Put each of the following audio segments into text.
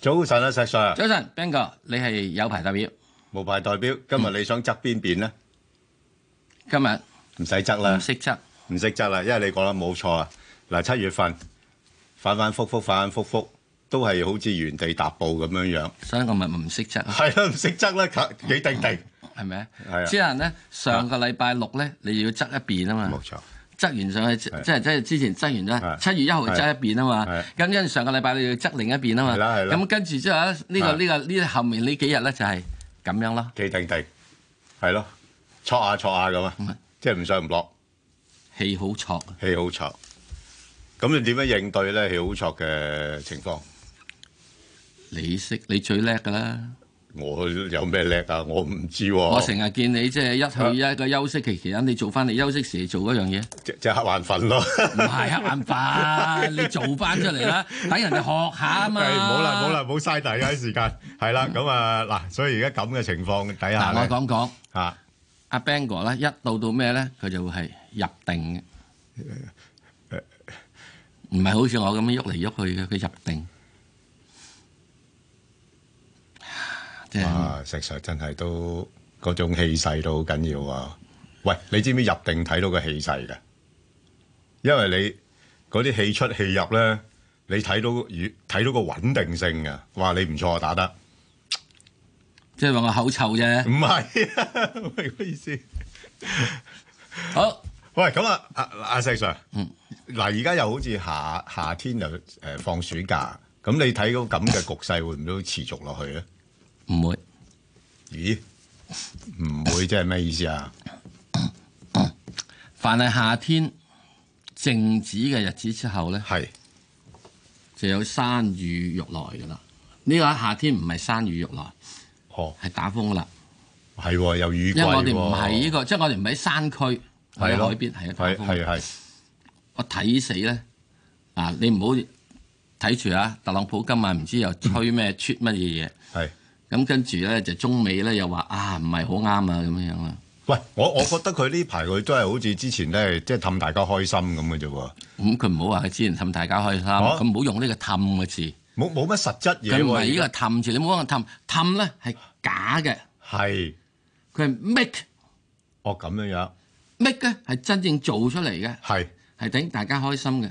早晨啊，石 Sir。早晨，Ben 哥，你係有牌代表？無牌代表，今日你想執邊邊咧？今日唔使執啦，唔識執，唔識執啦，因為你講得冇錯啦。嗱，七月份反反复复，反反复复，都係好似原地踏步咁樣樣，所以我咪唔識執。係咯，唔識執啦，佢幾定定，係咪？係啊。之後咧，上個禮拜六咧，你要執一邊啊嘛。冇錯。執完上去，即係即係之前執完啦，七月一號就執一邊啊嘛，咁因上個禮拜你要執另一邊啊嘛，咁跟住之後咧，呢個呢個呢個後面呢幾日咧就係咁樣咯，企定定，係咯，挫下挫下咁啊，即係唔上唔落，氣好挫，氣好挫，咁你點樣應對咧，氣好挫嘅情況？你識你最叻㗎啦。我有咩叻啊？我唔知喎。我成日見你即係一去一個休息期，其他你做翻嚟休息時做嗰樣嘢，即係瞌眼瞓咯。唔係瞌眼瞓，你做翻出嚟啦，等人哋學下啊嘛。係唔好啦唔好啦，唔好嘥大家啲時間。係啦，咁啊嗱，所以而家咁嘅情況底下咧，我講講啊阿彬哥咧，一到到咩咧，佢就會係入定嘅，唔係好似我咁樣喐嚟喐去嘅，佢入定。啊！石 Sir 真係都嗰種氣勢都好緊要啊。喂，你知唔知入定睇到個氣勢㗎？因為你嗰啲氣出氣入咧，你睇到，到個睇到個穩定性啊。哇，你唔錯啊，打得即係話我口臭啫，唔係咩意思，啊？好，喂，咁啊，阿，啊、阿石 Sir，嗱，嗯，而家又好似夏夏天又誒放暑假，咁你睇到咁嘅局勢會唔會持續落去咧？唔會？咦？唔會即係咩意思啊？凡係夏天靜止嘅日子之後咧，係就有山雨欲來噶啦。呢個喺夏天唔係山雨欲來，哦，係打風噶啦。係有雨。因為我哋唔係呢個，即係我哋唔喺山區，喺海邊，係啊，係係係。我睇死咧啊！你唔好睇住啊！特朗普今晚唔知又吹咩出乜嘢嘢。係。咁跟住咧，就中美咧，又話啊，唔係好啱啊，咁樣樣啦。喂，我我覺得佢呢排佢都係好似之前咧，即係氹大家開心咁嘅啫喎。咁佢唔好話佢之前氹大家開心，佢唔好用呢個氹嘅字。冇冇乜實質嘢。佢唔係呢個氹字，你唔好講氹，氹咧係假嘅。係，佢係 make。哦咁樣樣。make 咧係真正做出嚟嘅。係係等大家開心嘅。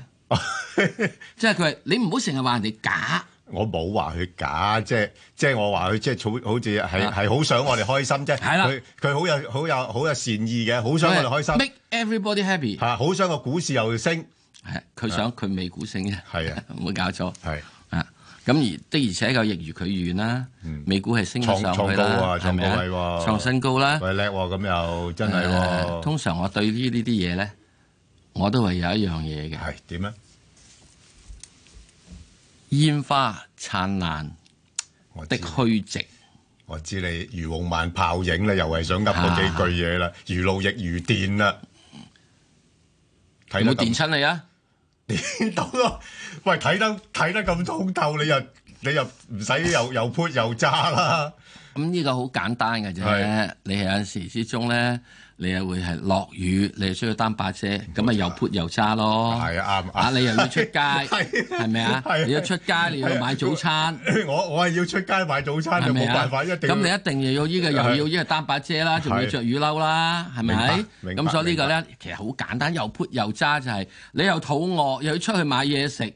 即係佢，你唔好成日話人哋假。我冇話佢假，即係即係我話佢即係好似係好想我哋開心啫。佢佢好有好有好有善意嘅，好想我哋開心。Make everybody happy。嚇，好想個股市又升。佢想佢美股升嘅。係啊，唔會搞錯。咁而的而且確亦如佢願啦。美股係升上創創高啊！創高喎。創新高啦。喂叻喎！咁又真係喎。通常我對於呢啲嘢咧，我都係有一樣嘢嘅。係點啊？煙花燦爛的虛寂。我知你如夢幻泡影啦，又係想噏嗰幾句嘢啦，啊、如露亦如電啦、啊，睇到電親你啊？電到囉？喂，睇得睇得咁通透，你，你不用又你又唔使又又潑又渣啦。咁呢個好簡單嘅啫，你係有陣時之中咧，你又會係落雨，你又需要擔把遮，咁啊又潑又揸咯。係啊，啊你又要出街，係咪啊？你要出街，你要買早餐。我我係要出街買早餐，冇辦法，一定，咁你一定要有呢個，又要呢個擔把遮啦，仲要着雨褸啦，係咪？明白。咁所以呢個咧，其實好簡單，又潑又揸，就係你又肚餓，又要出去買嘢食，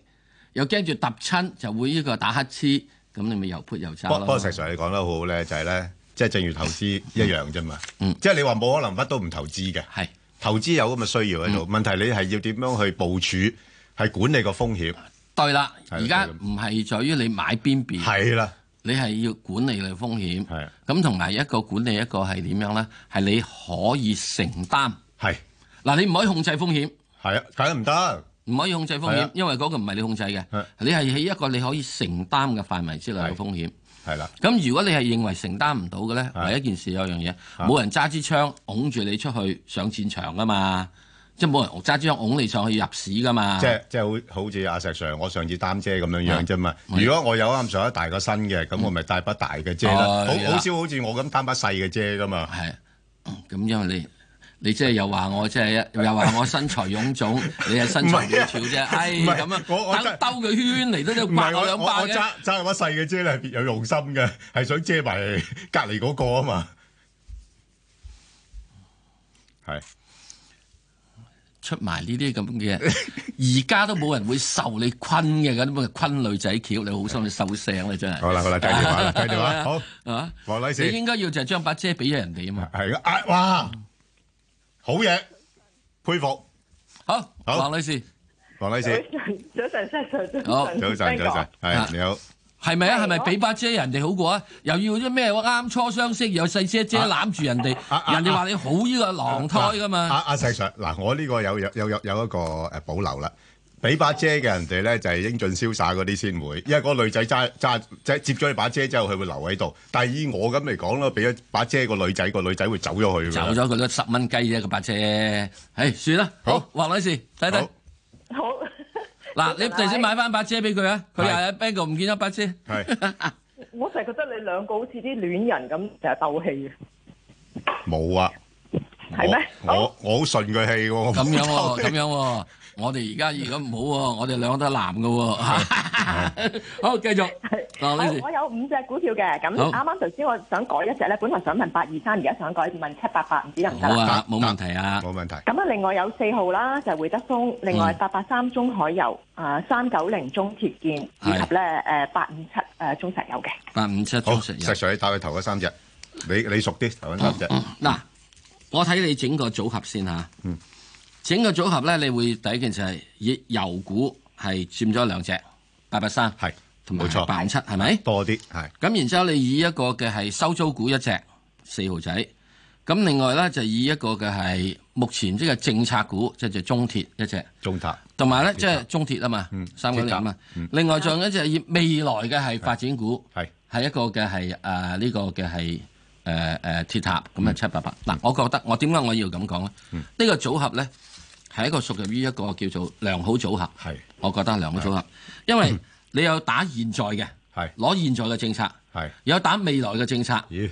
又驚住揼親就會呢個打乞嗤。咁你咪又潑又差。不過實際你講得好好咧，就係咧，即係正如投資一樣啫嘛。 嗯。即係你話冇可能乜都唔投資嘅。係是。投資有咁嘅需要喺度，嗯、問題你係要點樣去部署，係管理個風險。對啦，而家唔係在於你買邊邊。係啦的。你係要管理你嘅風險。係的。咁同埋一個管理一個係點樣咧？係你可以承擔。係是。嗱，你唔可以控制風險。係啊，梗係唔得。唔可以控制風險，的因為嗰個唔係你控制嘅，的你係喺一個你可以承擔嘅範圍之內嘅風險。係啦的，咁如果你係認為承擔唔到嘅咧，第的一件事有樣嘢，冇的人揸支槍拱住你出去上戰場噶嘛，即係冇人揸支槍拱你上去入市噶嘛。即即係好似阿石 Sir 我上次擔遮咁樣樣啫嘛。如果我有啱上一大個身嘅，咁我咪帶把大嘅遮啦。好少好似我咁擔把細嘅遮噶嘛。係，咁因為你。你即係又話我即係又話我身材臃腫， 是啊、你係身材苗條啫，係咁啊！兜個圈嚟都都八我兩包，揸咁把細嘅啫，你別有用心嘅，係想遮埋隔離嗰個啊嘛，係出埋呢啲咁嘅，而家都冇人會受你昆嘅，咁樣昆女仔橋，你好心你收聲啦、啊、真係。 好啦好啦，繼續啦繼續啦，好 你應該要就係將把遮俾咗人哋啊嘛，係啊哇！ 好嘢，佩服！好，黃女士，黃女士，早晨，早晨，早晨，早晨，你好，係咪啊？係咪俾把遮人哋好過啊？又要啲咩？啱初相識，又細遮遮攬住人哋、ah, ah, ah,，人哋話你好呢個狼胎噶嘛？阿阿石嗱，啊、Sir, 我呢個有有有有有一個誒保留啦。俾把遮嘅人哋咧，就係英俊瀟灑嗰啲先會，因為嗰個女仔揸揸即係接咗你把遮之後，佢會留喺度。但係以我咁嚟講咯，俾咗把遮個女仔，個女仔會走咗去。走咗佢都十蚊雞啫，個把遮。唉，算啦。好，黃女士，睇睇。好，嗱，你頭先買翻把遮俾佢啊！佢又喺邊個唔見咗把遮？係。我成日覺得你兩個好似啲戀人咁，成日鬥氣嘅。冇啊。係咩？我我好順佢氣㗎。咁樣喎，咁樣喎。我哋而家，而家唔好喎，我哋兩個都係男嘅喎。好，繼續。我有五隻股票嘅，咁啱啱頭先我想改一隻咧，本來想問八二三，而家想改問七八八，唔知能唔得？冇啊，冇問題啊，冇問題。咁啊，另外有四號啦，就會德豐，另外八八三中海油，啊三九零中鐵建，以及咧誒八五七誒中石油嘅。八五七中石油。石 Sir，你帶佢頭嗰三隻，你你熟啲頭嗰三隻。嗱，我睇你整個組合先嚇。嗯。整個組合咧，你會第一件事係以油股係佔咗兩隻八八三，同埋八七，係咪多啲？咁，然之後你以一個嘅係收租股一隻四號仔，咁另外咧就以一個嘅係目前即係政策股，即係中鐵一隻中鐵，同埋咧即係中鐵啊嘛，三九零啊嘛。另外仲有一隻以未來嘅係發展股，係一個嘅係呢個嘅係誒鐵塔咁啊七八八嗱。我覺得我點解我要咁講咧？呢個組合咧。係一個屬於一個叫做良好組合，係，我覺得良好組合，因為你有打現在嘅，係，攞現在嘅政策，係，有打未來嘅政策，咦，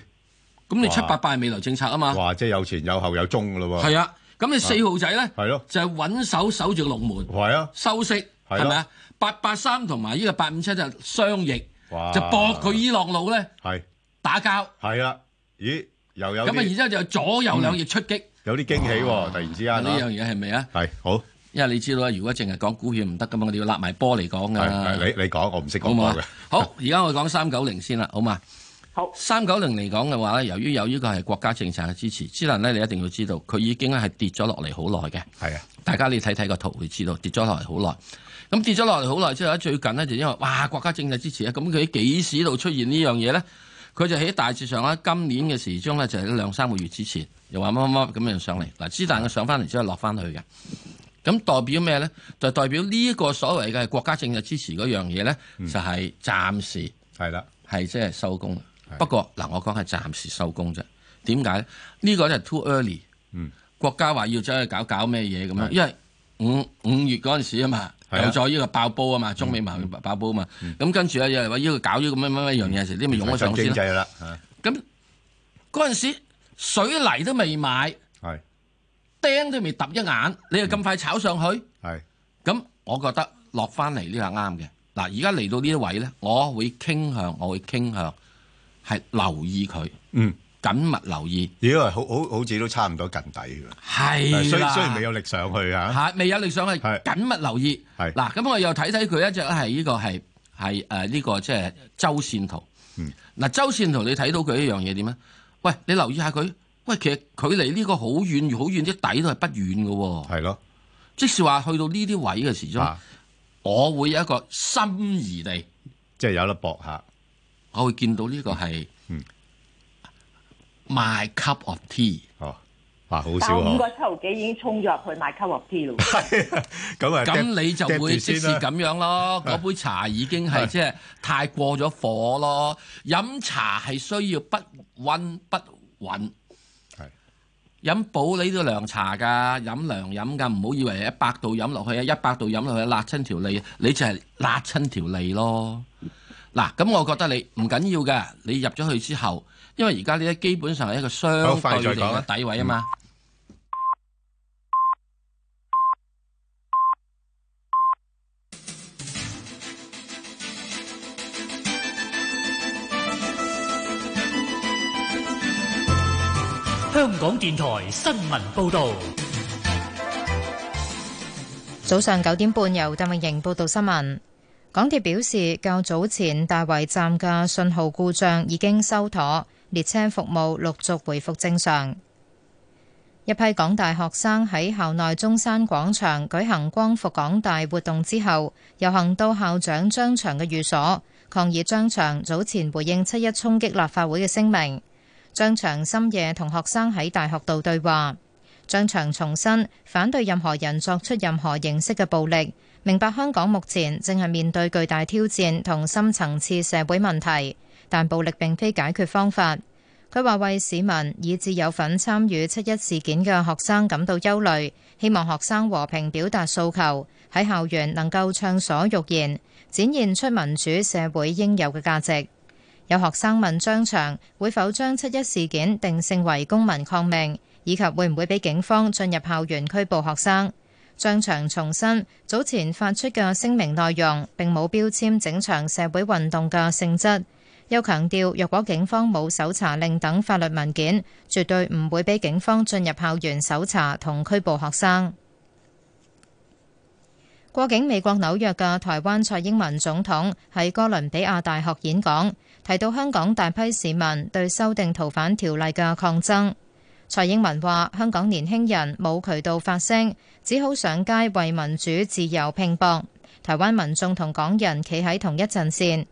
咁你七八八係未來政策啊嘛，話即係有前有後有中㗎咯喎，係啊，咁你四號仔咧，係咯，就係穩守守住個龍門，係啊，收息係咪啊？八八三同埋呢個八五七就係雙翼，哇，就搏佢伊朗路咧，係，打交，係啊，咦，又有，咁啊，然之後就左右兩翼出擊。有啲驚喜喎！突然之間呢樣嘢係咪啊？係好、啊，因為你知道啦，如果淨係講股票唔得噶嘛，我哋要立埋波嚟講噶。你你講，我唔識講。好，而家我講三九零先啦，好嘛？好，三九零嚟講嘅話咧好，由於有依個係國家政策嘅支持，之能咧你一定要知道，佢已經咧係跌咗落嚟好耐嘅。係啊，大家你睇睇個圖，會知道跌咗落嚟好耐。咁跌咗落嚟好耐之後，最近呢就因為哇國家政策支持啊，咁佢幾時度出現這件事呢樣嘢咧？佢就喺大致上喺今年嘅時鐘咧，就喺兩三個月之前。又話乜乜乜咁樣上嚟嗱？之但佢上翻嚟之後落翻去嘅，咁代表咩咧？就代表呢一個所謂嘅國家政策支持嗰樣嘢咧，就係暫時係啦，係即係收工。不過嗱，我講係暫時收工啫。點解？呢個就 too early。嗯，國家話要走去搞搞咩嘢咁樣，因為五五月嗰陣時啊嘛，有咗呢個爆煲啊嘛，中美矛盾爆煲啊嘛，咁跟住咧又話要搞呢咁乜乜乜樣嘢時，你咪用咗上先啦。咁嗰陣時。水泥都未買，係釘是的 都未揼一眼，你又咁快炒上去？係咁，我覺得落翻嚟呢個啱嘅。嗱，而家嚟到呢啲位咧，我會傾向，我會傾向係留意佢。嗯，緊密留意。咦，妖，好好好，似都差唔多近底嘅。係啦，雖雖然未有力上去吓，吓未有力上去，緊是的 密留意。嗱是的，咁我又睇睇佢一隻係呢個係係誒呢個即係周線圖。嗯，嗱，周線圖你睇到佢一樣嘢點啊？喂，你留意下佢，喂，其實佢離呢個好遠、好遠啲底都係不遠嘅喎、哦。係咯的，即使話去到呢啲位嘅時候、啊、我會有一個心儀地，即係有得搏吓。我會見到呢個係 my cup of tea、嗯。嗯好少、啊、五個七毫幾已經衝咗入去買 cup of tea 咯。咁啊，咁你就會即是咁樣咯。嗰、啊、杯茶已經係即係太過咗火咯。啊、飲茶係需要不溫不穩，係是飲保呢都涼茶㗎，飲涼飲㗎。唔好以為一百度飲落去啊，一百度飲落去辣親條脷，你就係辣親條脷咯。嗱、啊，咁我覺得你唔緊要嘅，你入咗去之後，因為而家呢啲基本上係一個相對嘅底位啊嘛。香港電台新聞報道，早上九點半由鄧慧瑩報道新聞。港鐵表示，較早前大圍站嘅信號故障已經修妥，列車服務陸續回復正常。一批港大學生喺校內中山廣場舉行光復港大活動之後，遊行到校長張翔嘅寓所，抗議張翔早前回應七一衝擊立法會嘅聲明。張翔深夜同學生喺大學度對話。張翔重申反對任何人作出任何形式嘅暴力，明白香港目前正係面對巨大挑戰同深層次社會問題，但暴力並非解決方法。佢話為市民以至有份參與七一事件嘅學生感到憂慮，希望學生和平表達訴求，喺校園能夠暢所欲言，展現出民主社會應有嘅價值。有學生問張翔會否將七一事件定性為公民抗命，以及會唔會俾警方進入校園拘捕學生。張翔重申早前發出嘅聲明內容並冇標籤整場社會運動嘅性質，又強調若果警方冇搜查令等法律文件，絕對唔會俾警方進入校園搜查同拘捕學生。過境美國紐約嘅台灣蔡英文總統喺哥倫比亞大學演講。提到香港大批市民對修訂逃犯條例嘅抗爭，蔡英文話香港年輕人冇渠道發聲，只好上街為民主自由拼搏。台灣民眾同港人企喺同一陣線。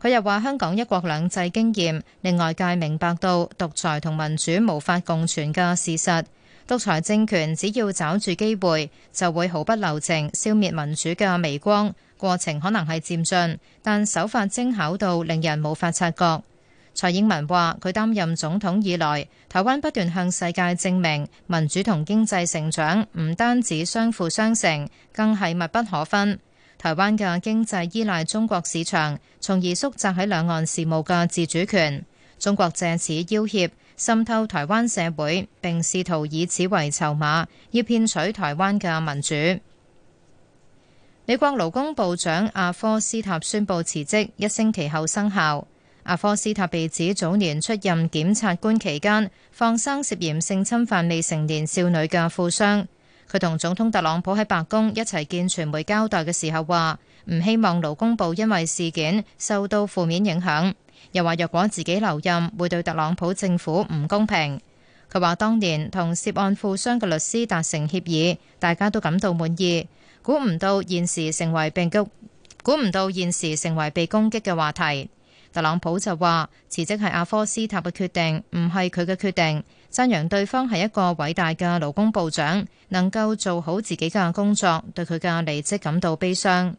佢又話香港一國兩制經驗，令外界明白到獨裁同民主無法共存嘅事實。獨裁政權只要找住機會，就會毫不留情消滅民主嘅微光。過程可能係漸進，但手法精巧到令人無法察覺。蔡英文話：佢擔任總統以來，台灣不斷向世界證明民主同經濟成長唔單止相輔相成，更係密不可分。台灣嘅經濟依賴中國市場，從而縮窄喺兩岸事務嘅自主權。中國藉此要挾。滲透台灣社會，並試圖以此為籌碼，要騙取台灣嘅民主。美國勞工部長阿科斯塔宣布辭職，一星期後生效。阿科斯塔被指早年出任檢察官期間，放生涉嫌性侵犯未成年少女嘅富商。佢同總統特朗普喺白宮一齊見傳媒交代嘅時候話：唔希望勞工部因為事件受到負面影響。又話若果自己留任，會對特朗普政府唔公平。佢話當年同涉案富商嘅律師達成協議，大家都感到滿意。估唔到現時成為被擊，估唔到現時成為被攻擊嘅話題。特朗普就話辭職係阿科斯塔嘅決定，唔係佢嘅決定。讚揚對方係一個偉大嘅勞工部長，能夠做好自己嘅工作，對佢嘅離職感到悲傷。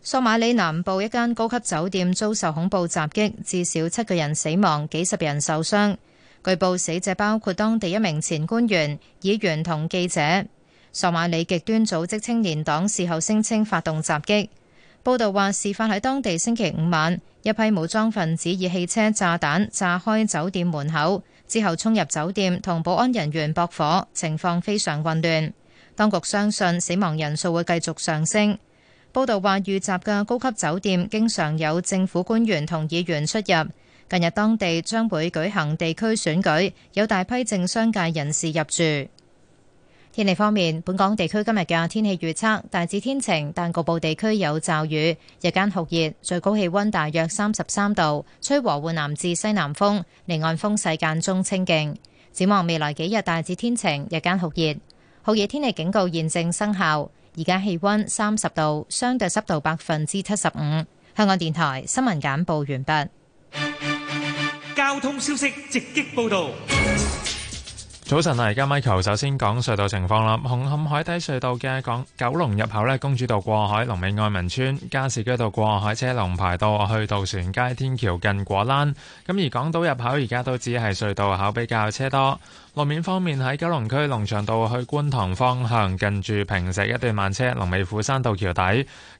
索馬里南部一間高級酒店遭受恐怖襲擊，至少七個人死亡，幾十人受傷。據報死者包括當地一名前官員、議員同記者。索馬里極端組織青年黨事後聲稱發動襲擊。報道話，事發喺當地星期五晚，一批武裝分子以汽車炸彈炸開酒店門口，之後衝入酒店同保安人員駁火，情況非常混亂。當局相信死亡人數會繼續上升。報道話，遇襲嘅高級酒店經常有政府官員同議員出入。近日當地將會舉行地區選舉，有大批政商界人士入住。天氣方面，本港地區今日嘅天氣預測大致天晴，但局部地區有驟雨。日間酷熱，最高氣溫大約三十三度，吹和緩南至西南風，離岸風勢間中清勁。展望未來幾日，大致天晴，日間酷熱，酷熱天氣警告現正生效。而家氣溫三十度，相對濕度百分之七十五。香港電台新聞簡報完畢。交通消息直擊報道。早晨啊，而家 Michael 首先講隧道情況啦。紅磡海底隧道嘅港九龍入口呢，公主道過海，龍尾愛民村；加士居道過海車，車龍排到去渡船街天橋近果欄。咁而港島入口而家都只係隧道口比較車多。路面方面喺九龍區龍翔道去觀塘方向，近住平石一段慢車；龍尾虎山道橋底；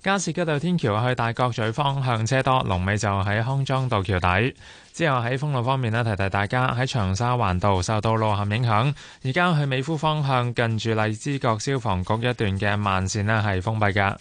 加士居道天橋去大角咀方向車多；龍尾就喺康莊道橋底。之後喺封路方面呢，提提大家喺長沙環道受到路陷影響，而家去美孚方向近住荔枝角消防局一段嘅慢綫呢係封閉噶。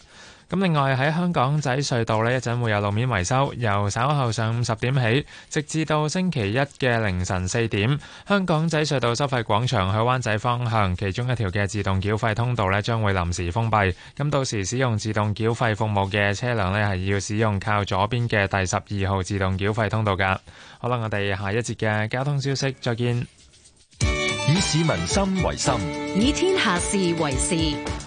咁另外喺香港仔隧道咧，一陣會有路面維修，由稍後上午十點起，直至到星期一嘅凌晨四點，香港仔隧道收費廣場去灣仔方向，其中一條嘅自動繳費通道咧將會臨時封閉。咁到時使用自動繳費服務嘅車輛咧係要使用靠左邊嘅第十二號自動繳費通道噶。好啦，我哋下一節嘅交通消息再見。以市民心為心，以天下事為事。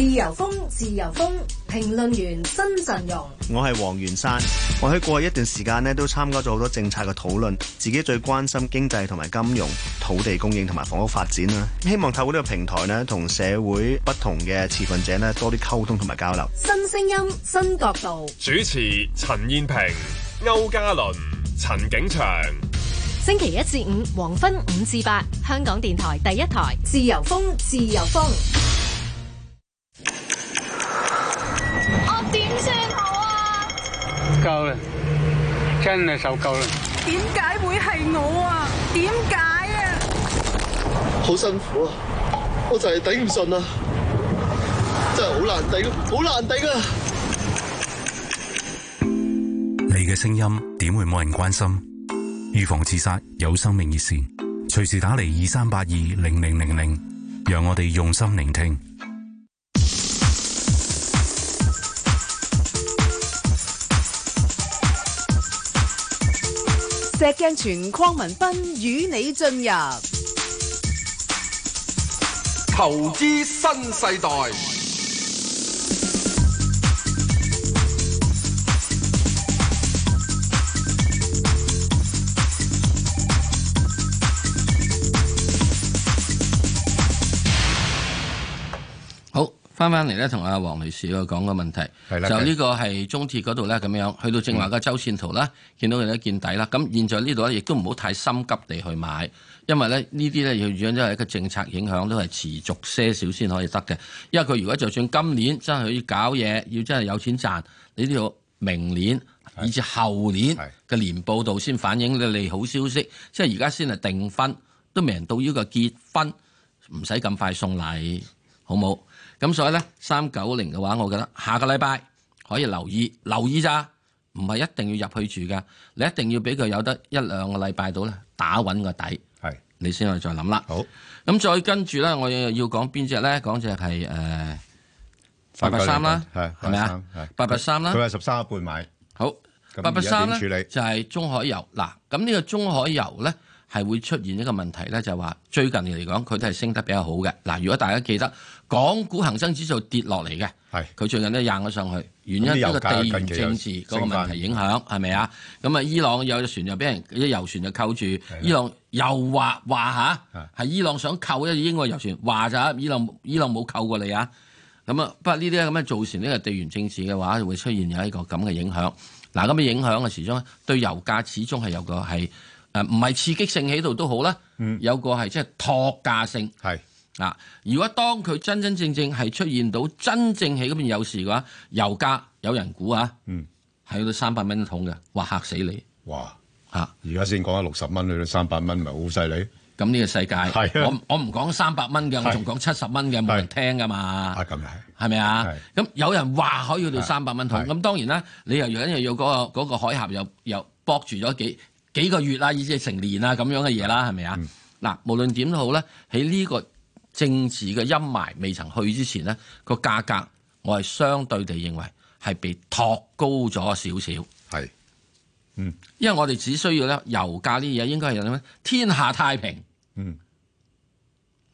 自由風，自由風。評論員新陣容，我係黃元山。我喺過去一段時間都參加咗好多政策嘅討論，自己最關心經濟同埋金融、土地供應同埋房屋發展啦。希望透過呢個平台咧，同社會不同嘅持份者多啲溝通同埋交流。新聲音，新角度。主持陳燕平、歐嘉倫、陳景祥。星期一至五黃昏五至八，香港電台第一台。自由風，自由風。算好啊！夠啦，真係受夠啦！點解會係我啊？點解啊？好辛苦啊！我就係頂唔順啊，真係好難頂，好難頂啊！你嘅聲音點會冇人關心？預防自殺有生命熱線，隨時打嚟二三八二零零零零，讓我哋用心聆聽。石鏡泉鄺民彬、與你進入投資新世代。翻翻嚟咧，同阿黃女士啊講個問題，的就呢個係中鐵嗰度咧，咁樣去到正華嘅周線圖啦，嗯、見到佢都見底啦。咁現在呢度咧，亦都唔好太心急地去買，因為咧呢啲咧要預咗都係一個政策影響，都係持續些少先可以得嘅。因為佢如果就算今年真係要搞嘢，要真係有錢賺，你都要明年以至後年嘅年報度先反映嘅利好消息，即係而家先係訂婚都未到要個結婚，唔使咁快送禮，好冇？咁所以咧，三九零嘅話，我覺得下個禮拜可以留意，留意咋，唔係一定要入去住噶。你一定要俾佢有得一兩個禮拜到咧，打穩個底，係你先可以再諗啦。好，咁再跟住咧，我要講邊隻咧？講隻係誒八八三啦，係咪啊？係八八三啦。佢係十三個半買，好八八三啦。就係中海油嗱，咁呢個中海油咧。係會出現一個問題咧，就話、是、最近嚟講，佢都係升得比較好嘅。嗱，如果大家記得港股恒生指數跌落嚟嘅，係佢的最近都硬咗上去，原因一個地緣政治嗰個問題影響，係咪啊？咁啊的，伊朗有隻船就俾人啲油船就扣住，伊朗又話話吓，係伊朗想扣一英國的油船，話就，伊朗伊朗冇扣過你啊。咁啊，不過呢啲咁樣造成呢個地緣政治嘅話，會出現有一個咁嘅影響。嗱，咁嘅影響啊，始終對油價始終係有個係。唔係刺激性喺度都好啦，有個係即係托價性。係啊，如果當佢真真正正係出現到真正喺嗰邊有事嘅話，油價有人估啊，係到三百蚊一桶嘅，哇嚇死你！哇而家先講緊六十蚊去到三百蚊，咪好犀利。咁呢個世界，我我唔講三百蚊嘅，我仲講七十蚊嘅，冇人聽㗎嘛。啊咁係咪啊？咁有人話可以去到三百蚊一桶，咁當然啦，你又又因要嗰個海峽又又博住咗幾？幾個月啦，以至成年啦咁樣嘅嘢啦，係咪啊？嗱，嗯、無論點都好咧，喺呢個政治嘅陰霾未曾去之前咧，個價格我係相對地認為係被托高咗少少。係，嗯，因為我哋只需要咧，油價呢嘢應該係有咩？天下太平，嗯，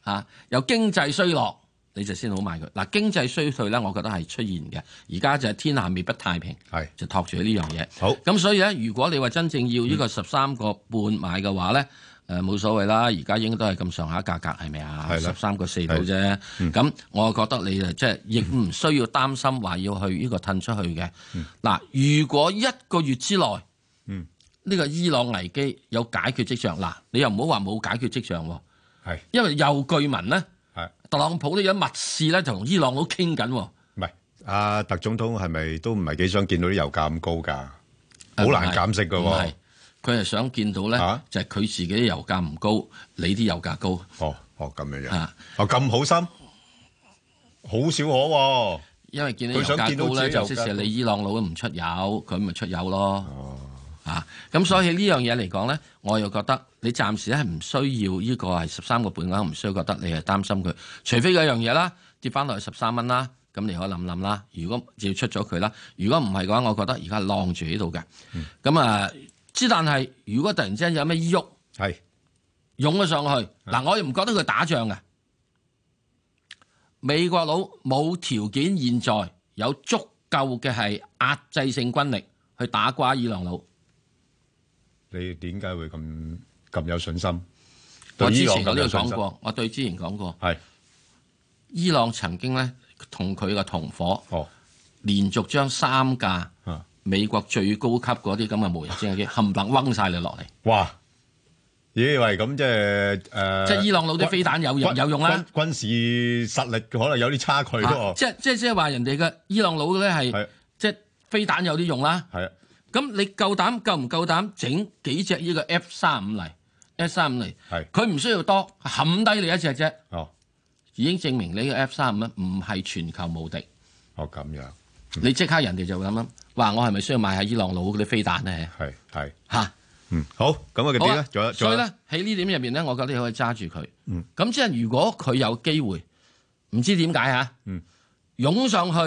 嚇，有經濟衰落。你就先好買佢嗱，經濟衰退咧，我覺得係出現嘅。而家就係天下未必太平，是就托住呢樣嘢。好，咁，所以咧，如果你話真正要呢個十三個半買嘅話咧，誒冇、嗯呃、所謂啦。而家應該都係咁上下價格，係咪啊？十三個四度啫。咁我覺得你誒即係亦唔需要擔心話要去呢個褪出去嘅。嗱、嗯，如果一個月之內呢、嗯、個伊朗危機有解決跡象，嗱，你又唔好話冇解決跡象喎。是因為又據聞咧。特朗普啲嘢密事咧，就同伊朗佬傾緊。唔係，阿、啊、特總統係咪都唔係幾想見到啲油價咁高噶？好、啊、難減息噶。係，佢係想見到咧，啊、就係佢自己啲油價唔高，你啲油價高。哦哦，咁樣樣。哦，咁、啊哦、好心，好少可、哦。因為見到，佢見到佢想見到咧，就即係你伊朗佬都唔出油，佢咪出油咯。哦啊！咁所以呢樣嘢嚟講呢，我又覺得你暫時係唔需要呢個係十三個半蚊，唔需要覺得你係擔心佢。除非有樣嘢啦，跌翻落去十三蚊啦，咁你可以諗諗啦。如果要出咗佢啦，如果唔係嘅話，我覺得而家係晾住喺度嘅。咁、嗯、啊之，但係如果突然之間有咩喐，係是 湧咗上去嗱，是的 我又唔覺得佢打仗嘅美國佬冇條件，現在有足夠嘅係壓制性軍力去打瓜伊朗佬。你點解會咁咁有信心？信心我之前講都講過，我對之前講過。係的，伊朗曾經咧同佢個同夥連續將三架美國最高級嗰啲咁嘅無人戰機冚唪唥掹晒你落嚟。啊、哇！以為咁即係即係伊朗佬啲飛彈有用有用啦。軍事實力可能有啲差距咯、啊。即即即係話人哋嘅伊朗佬咧係即係飛彈有啲用啦。咁你夠膽？夠唔夠膽整幾隻呢個 F 三五嚟？F 三五嚟，係佢唔需要多，冚低你一隻啫。哦，已經證明你個 F 三五咧唔係全球無敵。哦咁樣，嗯、你即刻人哋就諗啦，話我係咪需要買下伊朗佬嗰啲飛彈咧？係係嚇，啊、嗯好，咁啊點咧？仲有，有所以咧，喺呢點入邊咧，我覺得你可以揸住佢。嗯，咁即係如果佢有機會，唔知點解嚇？啊、嗯，湧上去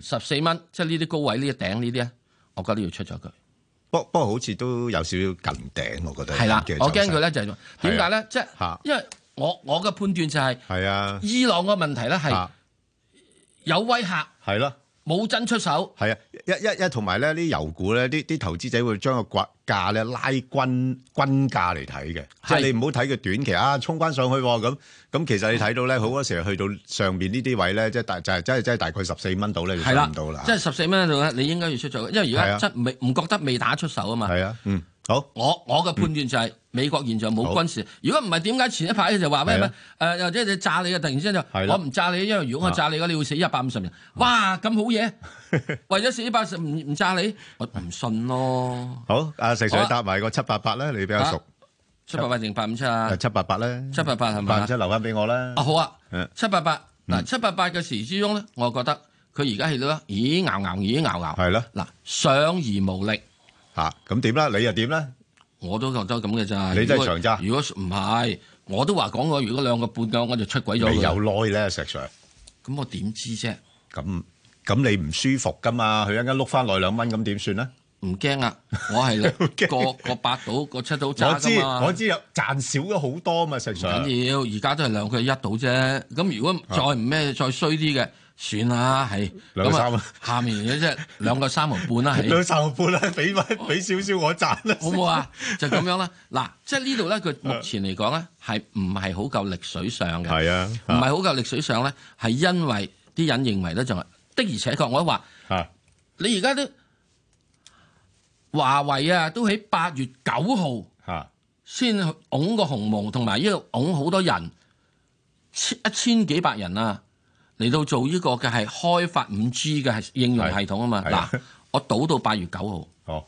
十四蚊，嗯，十四蚊，即係呢啲高位呢一頂呢啲啊。我覺得要出咗佢，不不過好似都有少少近頂，我覺得。係啦、啊，我驚佢咧就係點解咧？即係因為我、啊、我嘅判斷就係、係，啊、伊朗嘅問題咧係、啊、有威嚇、啊。係咯。冇真出手，係啊，一一一同埋咧，啲油股咧，啲啲投資者會將個價呢咧拉均均價嚟睇嘅，是啊、即係你唔好睇佢短期啊衝翻上去咁、啊，咁其實你睇到咧，好多時候去到上面呢啲位咧，即係大就係真係真係大概十四蚊度咧，你出唔到啦。即係十四蚊度咧，你應該要出咗，因為而家即係未唔覺得未打出手啊嘛。係啊，嗯。好，我我嘅判斷就係美國現在冇軍事。如果唔係點解前一排就話咩咩？誒，或者你炸你嘅突然之間就我唔炸你，因為如果我炸你嘅，你會死一百五十人。哇，咁好嘢，為咗死一百五十唔唔炸你，我唔信咯。好，阿石 Sir 答埋個七八八咧，你比較熟，七八八定八五七啊？七八八咧，七八八係咪？八五七留翻俾我啦。啊好啊，七八八嗱，七八八嘅時之中咧，我覺得佢而家喺度咧，咦，牛牛咦，牛牛，係啦，嗱，上而無力。吓，咁點啦？你又點咧？我都覺得咁嘅咋。你真係長揸。如果唔係，我都話講過，如果兩個半嘅，我就出軌咗。未有耐咧，石 Sir。咁我點知啫？咁咁你唔舒服噶嘛？佢一陣間碌翻嚟兩蚊，咁點算咧？唔驚啊！我係兩個 個，個八到個七到揸噶嘛。我知道，我知道有，賺少咗好多嘛。石 Sir，唔緊要，係兩而家都係兩個一到啫。咁如果再唔咩，是再衰啲嘅。算啦，係兩三下面嘅即係兩個三毫半啦，係兩三毫半啦，俾翻俾少少我賺啦，好唔好啊？就咁樣啦。嗱，即係呢度咧，佢目前嚟講咧，係唔係好夠力水上嘅？係啊， 唔係好夠力水上咧，係因為啲人認為咧，仲係的而且確，我 都話吓你而家都華為啊，都喺八月九號 先拱個鴻蒙，同埋呢度拱好多人，千一千幾百人啊！嚟到做呢個嘅，係開發五 G 嘅應用系統啊嘛。嗱，我倒到八月九號。哦，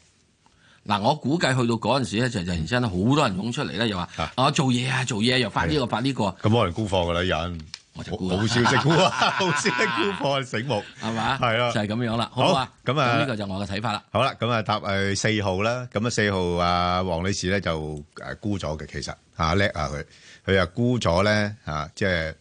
嗱，我估計去到嗰陣時咧，就就真好多人湧出嚟咧，又話啊做嘢啊做嘢，又發呢個發呢個。咁可能沽貨嘅女人，我就估。好消息好少沽貨，醒目係嘛？係就係咁樣啦。好啊，咁啊，呢個就我嘅睇法啦。好啦，咁啊，搭誒四號啦，咁啊四號啊黃女士咧就誒沽咗嘅。其實吓叻啊佢，佢啊沽咗咧吓即係。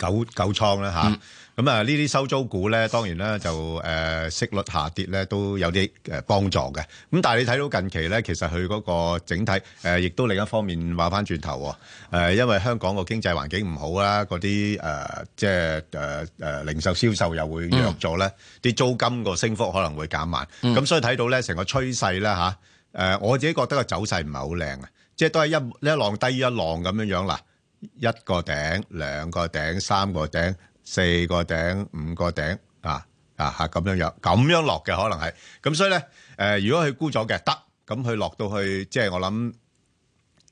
九九倉啦吓，咁啊呢啲、嗯嗯啊、收租股咧，當然啦，就、呃、誒息率下跌咧都有啲、呃、幫助嘅。咁但係你睇到近期咧，其實佢嗰個整體誒，亦、呃、都另一方面話翻轉頭誒、啊，因為香港個經濟環境唔好啦，嗰啲誒即係、呃、零售銷售又會弱咗咧，啲、嗯啊、租金個升幅可能會減慢。咁、嗯啊、所以睇到咧成個趨勢咧吓、啊，我自己覺得個走勢唔係好靚啊，即係都係一一浪低於一浪咁樣樣嗱。一個頂兩個頂三個頂四個頂五個頂啊啊嚇咁樣樣咁樣落嘅可能係咁，所以咧誒，如果佢沽咗嘅得，咁佢落到去即係我諗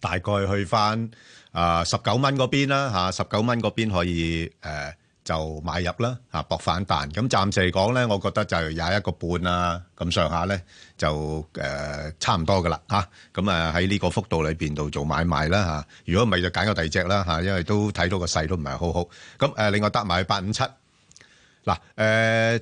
大概去返啊十九蚊嗰邊啦嚇，十九蚊嗰邊可以誒。就買入啦，嚇博反彈。咁暫時嚟講咧，我覺得就廿一個半啊，咁上下咧就誒、呃、差唔多噶啦，嚇、啊。咁啊喺呢個幅度裏邊度做買賣啦，嚇、啊。如果唔係就揀個第二隻啦，嚇、啊，因為都睇到個勢都唔係好好。咁誒、呃，另外搭埋八五七嗱誒。呃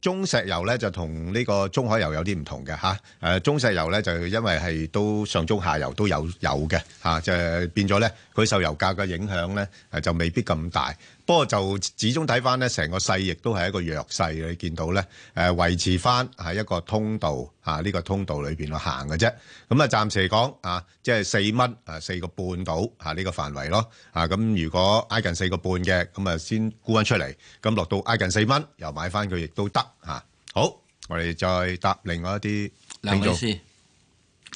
中石油咧就同呢個中海油有啲唔同嘅嚇，誒中石油咧就因為係都上中下游都有有嘅嚇，就變咗咧佢受油價嘅影響咧誒就未必咁大。不過就始終睇翻咧，成個勢亦都係一個弱勢，你見到咧誒維持翻喺一個通道吓，呢、啊這個通道裏邊去行嘅啫。咁、嗯、啊，暫時嚟講啊，即係四蚊誒，四個半到吓呢個範圍咯。啊，咁如果挨近四個半嘅，咁啊先沽翻出嚟。咁落到挨近四蚊，又買翻佢亦都得吓。好，我哋再答另外一啲梁女士，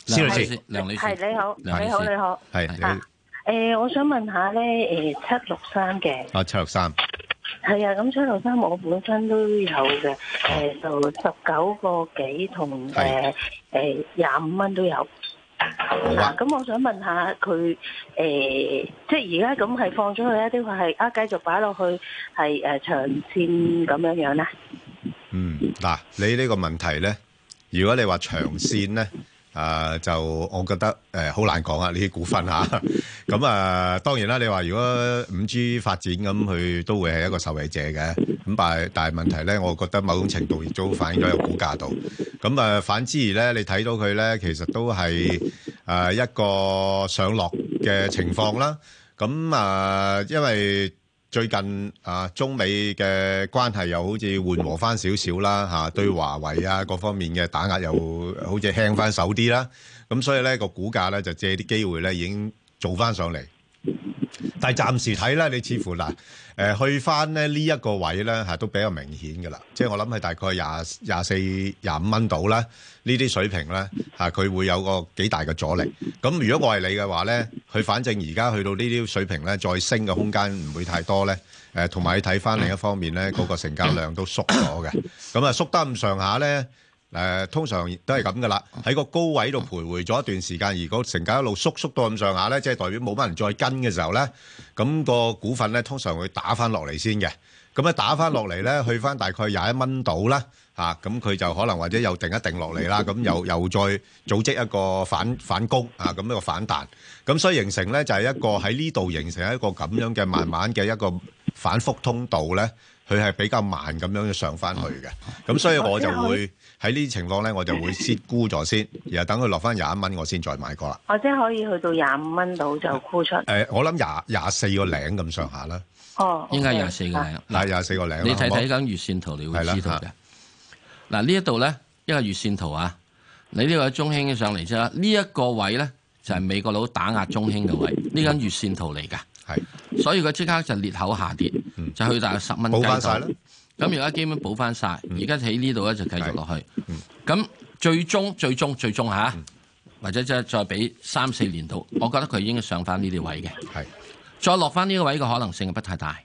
梁女士，梁女士，係，你好，你好，是是你好，係誒、呃，我想問下咧，誒七六三嘅，啊七六三，係啊，咁七六三我本身都有嘅，誒就十九個幾同誒誒廿五蚊都有。咁、啊啊、我想問下佢，誒、呃，即係而家咁係放咗佢一啲，話係啊繼續擺落去，係誒、呃、長線咁樣樣咧。嗯、嗱、啊，你呢個問題咧，如果你話長線咧？ 啊，就我覺得誒好難講啊，呢啲股份嚇，咁啊當然啦，你話如果五 G 發展咁，佢都會係一個受惠者嘅，咁但係但係問題咧，我覺得某種程度亦都反映咗有股價度，咁啊反之而咧，你睇到佢咧，其實都係啊一個上落嘅情況啦，咁啊因為。最近啊，中美嘅關係又好似緩和翻少少啦，嚇對華為啊各方面嘅打壓又好似輕翻手啲啦，咁所以咧個股價咧就借啲機會咧已經做翻上嚟，但係暫時睇咧，你似乎嗱。誒、呃、去翻咧呢一、這個位咧都比較明顯㗎啦，即係我諗係大概廿廿四廿五蚊到啦，呢啲水平咧佢會有個幾大嘅阻力。咁如果我係你嘅話咧，佢反正而家去到呢啲水平咧，再升嘅空間唔會太多咧。同埋你睇翻另一方面咧，嗰、那個成交量都縮咗嘅，咁啊縮得咁上下咧。誒，通常都係咁噶啦，喺個高位度徘徊咗一段時間，如果成交一路縮縮到咁上下咧，即係代表冇乜人再跟嘅時候咧，咁個股份咧通常會打翻落嚟先嘅。咁啊打翻落嚟咧，去翻大概廿一蚊度啦，嚇咁佢就可能或者又定一定落嚟啦，咁又又再組織一個反反攻啊，咁一個反彈。咁所以形成咧就係一個喺呢度形成一個咁樣嘅慢慢嘅一個反覆通道咧，佢係比較慢咁樣上翻去嘅。咁所以我就會。喺呢啲情況咧，我就會先沽咗先，然後等佢落翻廿一蚊，我先再買過啦。或者可以去到廿五蚊度就沽出。誒，我諗廿廿四個零咁上下啦。哦，應該廿四個零。嗱，廿四個零。你睇睇緊月線圖，你會知道嘅。嗱，呢一度咧，一個月線圖啊，你呢個中興上嚟之後，呢一個位咧就係美國佬打壓中興嘅位，呢根月線圖嚟㗎。係，所以佢即刻就裂口下跌，就去大約十蚊冇雞度。咁而家基本補翻晒，而家喺呢度咧就繼續落去。咁、嗯嗯、最終、最終、最終下，嗯、或者再再俾三四年度，我覺得佢已經上翻呢條位嘅。是再落翻呢個位，嘅個可能性係不太大。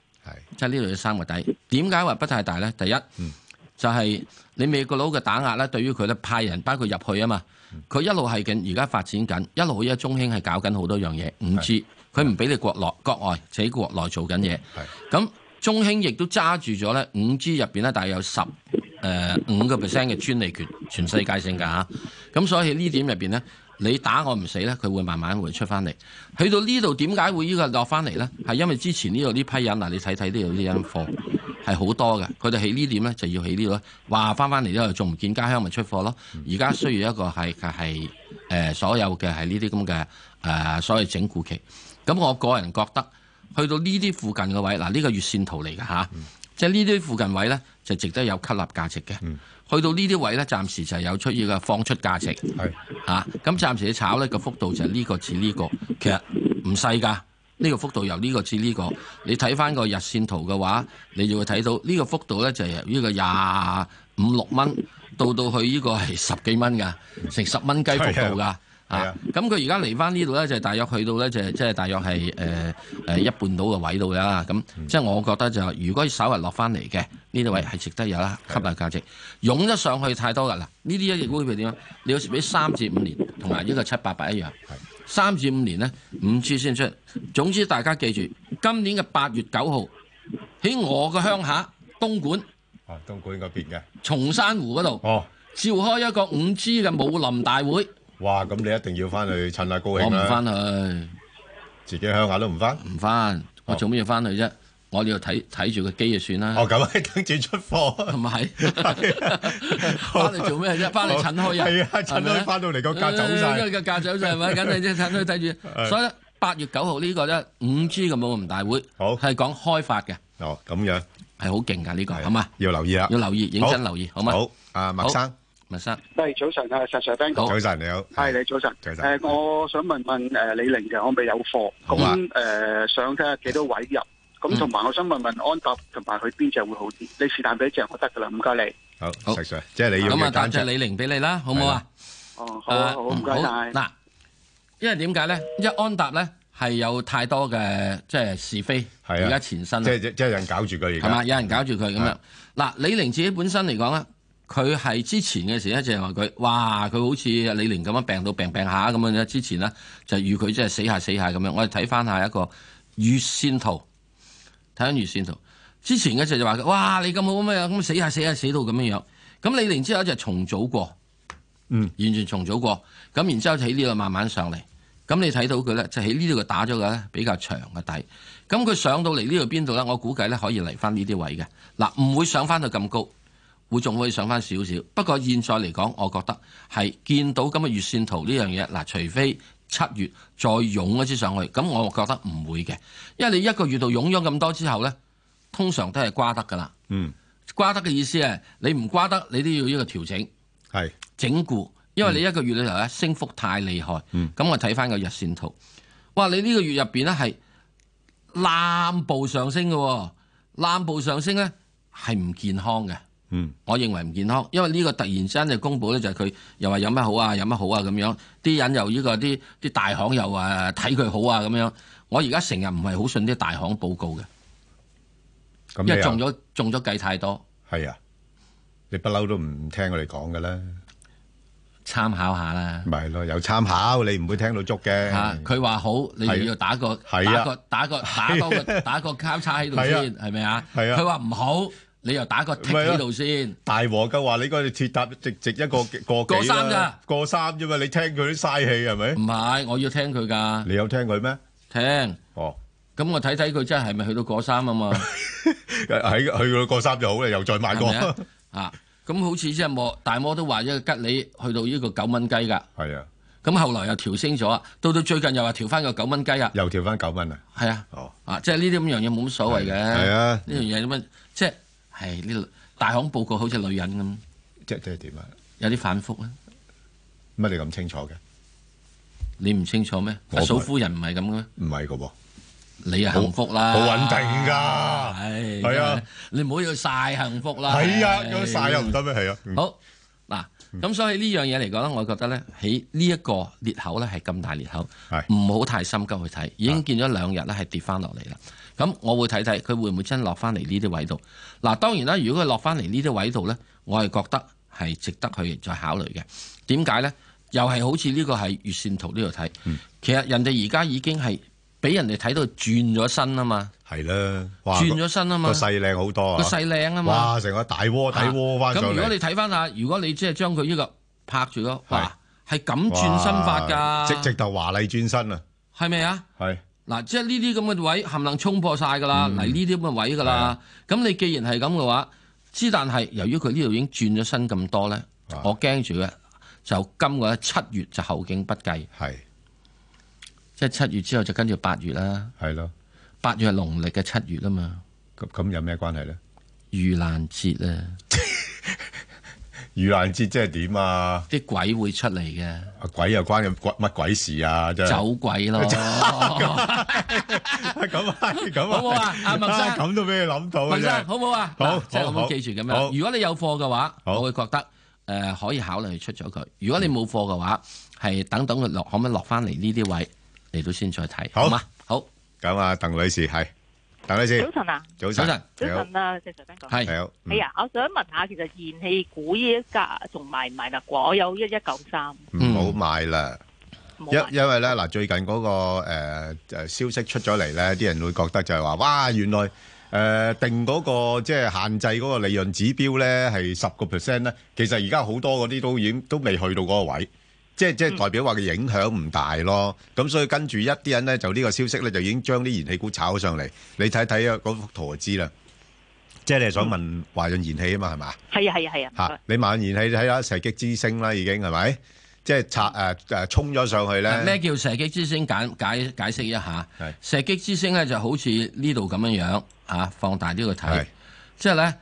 即係呢度嘅三個底，點解話不太大咧？第一、嗯、就係你美國佬嘅打壓咧，對於佢咧派人包括入去啊嘛，佢一路係緊，而家發展緊，一路一中興係搞緊好多樣嘢，唔知，佢唔俾你國內國外，只係國內做緊嘢。咁。中興亦都揸住咗咧五 G 入邊咧，大約有十誒五個 percent 嘅專利權，全世界性㗎嚇。咁所以喺呢點入邊呢，你打我唔死咧，佢會慢慢會出翻嚟。去到呢度點解會呢個落翻嚟呢？係因為之前呢度呢批人嗱，你睇睇呢度呢間貨，係好多嘅。佢哋喺呢點呢，就要喺呢度咧話翻翻嚟呢度，仲唔見家鄉咪出貨咯？而家需要一個係係誒所有嘅喺呢啲咁嘅誒所謂整固期。咁我個人覺得。去到呢啲附近嘅位，嗱呢個月線圖嚟嘅吓，即係呢啲附近位咧就值得有吸納價值嘅。嗯、去到呢啲位咧，暫時就係有出現嘅放出價值，嚇是。咁、啊、暫時你炒呢個幅度就係呢個至呢個，其實唔細㗎。呢個幅度由呢個至呢個，你睇翻個日線圖嘅話，你就會睇到呢個幅度咧就係由呢個廿五六蚊到到去呢個係十幾蚊㗎，成十蚊雞幅度㗎。啊！咁佢而家嚟翻呢度咧，就係大約去到咧，就係即係大約係誒誒一半到嘅位度啦。咁、嗯、即係我覺得就，如果稍為落翻嚟嘅呢啲位係值得有啦，吸納價值。是的 湧得上去太多啦！嗱，呢啲一隻股票點樣？你要俾三至五年，同埋呢個七八八一樣。三是的 至五年呢，五 G 先出。總之大家記住，今年嘅八月九號喺我嘅鄉下東莞，啊東莞嗰邊嘅松山湖嗰度，哦、召開一個五 G 嘅武林大會。哇！咁你一定要翻去趁下高興啦。我唔翻去，自己鄉下都唔翻。唔翻，我做咩要翻去啫？我哋要睇睇住個機就算啦。哦，咁啊，等住出貨。同埋係，翻嚟做咩啫？翻嚟趁開嘢。係啊，趁開翻到嚟個價走晒，個價走晒，係咪？咁啊，梗係睇住。所以八月九號呢個咧，五 G 嘅武林大會，好係講開發嘅。哦，咁樣係好勁噶呢個，好嘛？要留意啊，要留意，認真留意，好嘛？好，阿麥生。唔該晒，係早晨啊，石 Sir，thank you。早晨你好，係你早晨。早晨，誒，我想問問誒李寧嘅，我未有貨，咁誒想睇下幾多位入，咁同埋我想問問安踏同埋佢邊隻會好啲？你是但俾隻我得噶啦，唔該你。好石 Sir，即係你咁啊，但隻李寧俾你啦，好唔好啊？哦，好，唔該晒。嗱，因為點解咧？因為安踏咧係有太多嘅即係是非，而家前身即係即係有人搞住佢而家。係嘛，有人搞住佢咁樣。嗱，李寧自己本身嚟講咧。佢係之前嘅時咧，就話佢，哇！佢好似李寧咁樣病到病病下咁樣呢，之前呢，就預佢即係死下死下咁樣。我哋睇翻下一個月線圖，睇緊月線圖。之前嘅時候就話佢，哇！你咁好乜嘢？咁死，死下死下死到咁樣樣。咁李寧之後就重組過，嗯，完全重組過。咁然之後喺呢度慢慢上嚟。咁你睇到佢咧，就喺呢度打咗個比較長嘅底。咁佢上到嚟呢度邊度咧？我估計咧可以嚟翻呢啲位嘅。嗱，唔會上翻到咁高。會仲可以上翻少少，不過現在嚟講，我覺得係見到咁嘅月線圖呢樣嘢嗱，除非七月再湧一啲上去，咁我覺得唔會嘅，因為你一個月度湧咗咁多之後呢，通常都係瓜得㗎喇。嗯，瓜得嘅意思係你唔瓜得，你都要一個調整係是 整固，因為你一個月裏頭咧升幅太厲害。嗯，咁我睇翻個日線圖，哇！你呢個月入邊咧係濫步上升嘅喎，濫步上升呢係唔健康嘅。嗯，我認為唔健康，因為呢個突然之間就公佈咧，就係佢又話有乜好啊，有乜好啊咁樣，啲人由呢個啲啲大行又話睇佢好啊咁樣，我而家成日唔係好信啲大行報告嘅，因為中咗中咗計太多。係啊，你不嬲都唔聽我哋講㗎啦，參考下啦。咪係咯，有參考你唔會聽到足嘅。佢話好，你要打個打個打個打個打個交叉喺度先，係咪啊？係啊，佢話唔好。你又打個踢喺度先？大和嘅話，你嗰度鐵塔直直一個過過三啫，過三啫嘛？你聽佢啲嘥氣係咪？唔係，我要聽佢噶。你有聽佢咩？聽。哦，咁我睇睇佢真係咪去到過三啊嘛？係去到過三就好啦，又再買過啊。咁好似即係摩大摩都話，一個吉利去到呢個九蚊雞噶。係啊。咁後來又調升咗，到到最近又話調翻個九蚊雞啊，又調翻九蚊啊。係啊。哦。啊，即係呢啲咁樣嘢冇乜所謂嘅。係啊，呢樣嘢咁樣即係。係呢大行報告好似女人咁，即即係點啊？有啲反覆啊！乜你咁清楚嘅？你唔清楚咩？阿嫂夫人唔係咁嘅咩？唔係個喎，你啊幸福啦，好穩定噶，係啊！你唔好要曬幸福啦！係啊，要曬又唔得咩？係啊！好嗱，咁所以呢樣嘢嚟講咧，我覺得咧喺呢一個裂口咧係咁大裂口，係唔好太心急去睇，已經見咗兩日咧係跌翻落嚟啦。咁我會睇睇佢會唔會真落翻嚟呢啲位度？嗱，當然啦，如果佢落翻嚟呢啲位度咧，我係覺得係值得去再考慮嘅。點解咧？又係好似呢個係月線圖呢度睇，嗯、其實人哋而家已經係俾人哋睇到轉咗身啊嘛。係啦，轉咗身啊嘛個個細靚好多，啊，個細靚啊嘛，哇！成個大窩底，啊、窩翻咗。咁如果你睇翻下，如果你即係將佢呢個拍住咯，哇，係咁是轉身法㗎，直直就華麗轉身啊，係咪啊？係。嗱，即係呢啲咁嘅位，冚能衝破晒噶啦。嗱、嗯，呢啲咁嘅位噶啦，咁的你既然係咁嘅話，之但係由於佢呢度已經轉咗身咁多咧，哇我驚住嘅就今個七月就後勁不繼，係即係七月之後就跟住八月啦。係咯的，八月係農曆嘅七月啊嘛。咁咁有咩關係咧？盂蘭節啊！ 遇難節即係點啊？啲鬼會出嚟嘅，啊鬼又關咗鬼乜鬼事啊！真走鬼咯，咁啊，咁好唔好啊？阿文生，咁都俾你諗到，文生好唔好啊？好，即係咁記住咁樣。如果你有貨嘅話，我會覺得誒可以考慮出咗佢。如果你冇貨嘅話，係等等佢落，可唔可以落翻嚟呢啲位嚟到先再睇？好嘛，好。咁啊，鄧女士係。大家你先早晨啊，早晨早晨啊，謝瑞斌講係係啊，我想問下，其實燃氣股依一家仲賣唔賣得啩？我有一一九三，唔好賣啦，因因為咧嗱，最近嗰個誒誒消息出咗嚟咧，啲人會覺得就係話哇，原來誒定嗰個即係限制嗰個利潤指標咧係十個 percent 咧。其實而家好多嗰啲都已經都未去到嗰個位。即係即係代表話嘅影響唔大咯，咁所以跟住一啲人咧就呢個消息咧就已經將啲燃氣股炒咗上嚟，你睇睇啊嗰幅圖就知啦。即係你係想問華潤燃氣啊嘛，係嘛？係啊係啊係啊。吓，你華潤燃氣睇下射擊之星啦，已經係咪？即係刷誒誒沖咗上去咧？咩叫射擊之星？解解解釋一下。射擊之星咧就好似呢度咁樣樣啊，放大啲去睇，即係咧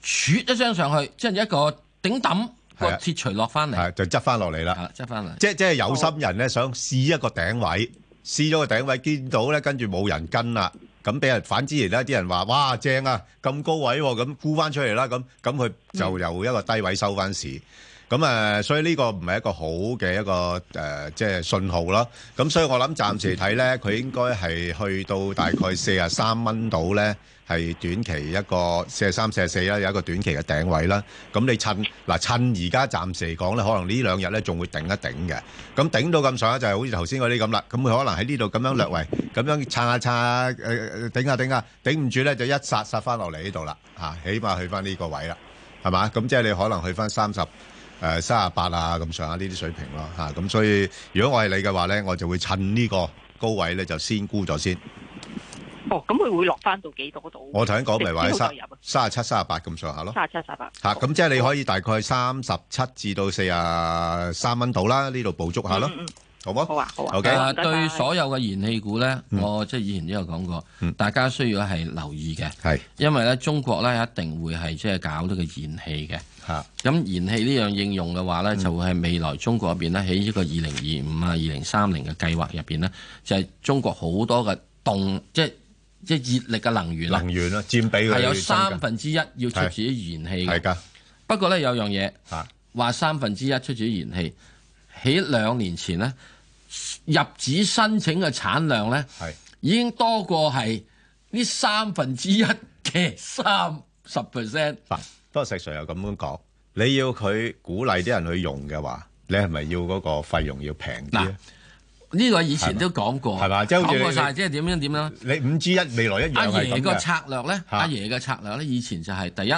撮一張上去，即係一個頂抌。係啊，鐵除，落翻嚟，係就執翻落嚟啦。執翻嚟，即係即係有心人咧，想試一個頂位，試咗個頂位，見到咧跟住冇人跟啦，咁俾人反之而啦，啲人話哇，正啊，咁高位咁沽翻出嚟啦，咁咁佢就由一個低位收翻市。嗯咁誒，所以呢個唔係一個好嘅一個誒，即係信號啦。咁所以我諗暫時嚟睇咧，佢應該係去到大概四啊三蚊到咧，係短期一個四十三、四十四啦，有一個短期嘅頂位啦。咁你趁嗱，趁而家暫時嚟講咧，可能呢兩日咧仲會頂一頂嘅。咁頂到咁上咧，就係好似頭先嗰啲咁啦。咁佢可能喺呢度咁樣略為咁樣撐下撐下，誒頂下頂下，頂唔住咧就一殺殺翻落嚟呢度啦。嚇，起碼去翻呢個位啦，係嘛？咁即係你可能去翻三十。誒三廿八啊，咁上下呢啲水平咯嚇，咁、啊、所以如果我係你嘅話咧，我就會趁呢個高位咧就先沽咗先。哦，咁佢會落翻到幾多度？我頭先講咪話三三廿七、三廿八咁上下咯。三廿七、三廿八。嚇，咁即係你可以大概三十七至到四啊三蚊度啦，呢度捕捉下咯。嗯嗯。好冇？好啊，好啊。誒 Okay，對所有嘅燃氣股咧，嗯、我即係以前都有講過，大家需要係留意嘅。係、嗯，因為咧中國咧一定會係即係搞呢個燃氣嘅。嚇的！咁燃氣呢樣應用嘅話咧，就會係未來中國入邊咧喺呢個二零二五啊、二零三零嘅計劃入邊呢，就係、是、中國好多嘅動即係即係熱力嘅能源能源啦，佔比係有三分之一要出自於燃氣。係噶。不過咧有樣嘢，話三分之一出自於燃氣，喺兩年前呢。入紙申請嘅產量咧，係是已經多過係呢三分之一嘅三十 percent。不過石 Sir 又咁樣講，你要佢鼓勵啲人去用嘅話，你係咪要嗰個費用要平啲？呢、啊呢個以前都講過，係嘛嗎？講過晒、就是，即係點樣點樣？你五之一未來一樣係阿爺個策略咧，阿爺嘅策略咧，以前就係、是、第一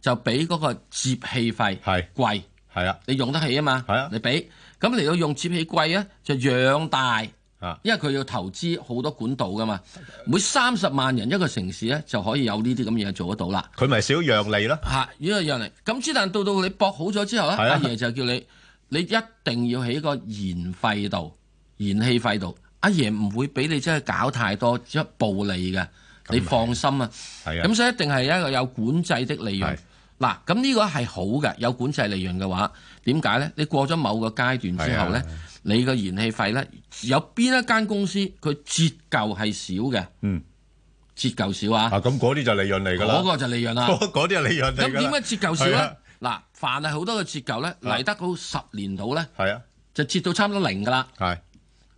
就俾嗰個接氣費係貴啊，你用得起啊嘛係啊，你俾。咁嚟到用設備貴啊，就養大，因為佢要投資好多管道噶嘛。每三十萬人一個城市咧，就可以有呢啲咁嘢做得到啦。佢咪少讓利咯？嚇、啊，呢個讓利。咁之但到到你博好咗之後咧，的阿爺就叫你，你一定要喺個燃費度、燃氣費度。阿爺唔會俾你真係搞太多即係暴利嘅，你放心啊。係啊，咁所以一定係一個有管制的利用。嗱，咁呢個係好嘅，有管制利潤嘅話，點解咧？你過咗某個階段之後咧，你個燃氣費咧，有邊一間公司佢折舊係少嘅？嗯，折舊少啊？啊，咁嗰啲就利潤嚟㗎啦。嗰個就利潤啦，嗰啲係利潤。咁點解折舊少咧？嗱，凡係好多嘅折舊咧，嚟得好十年度咧，係啊，就折到差唔多零㗎啦。係，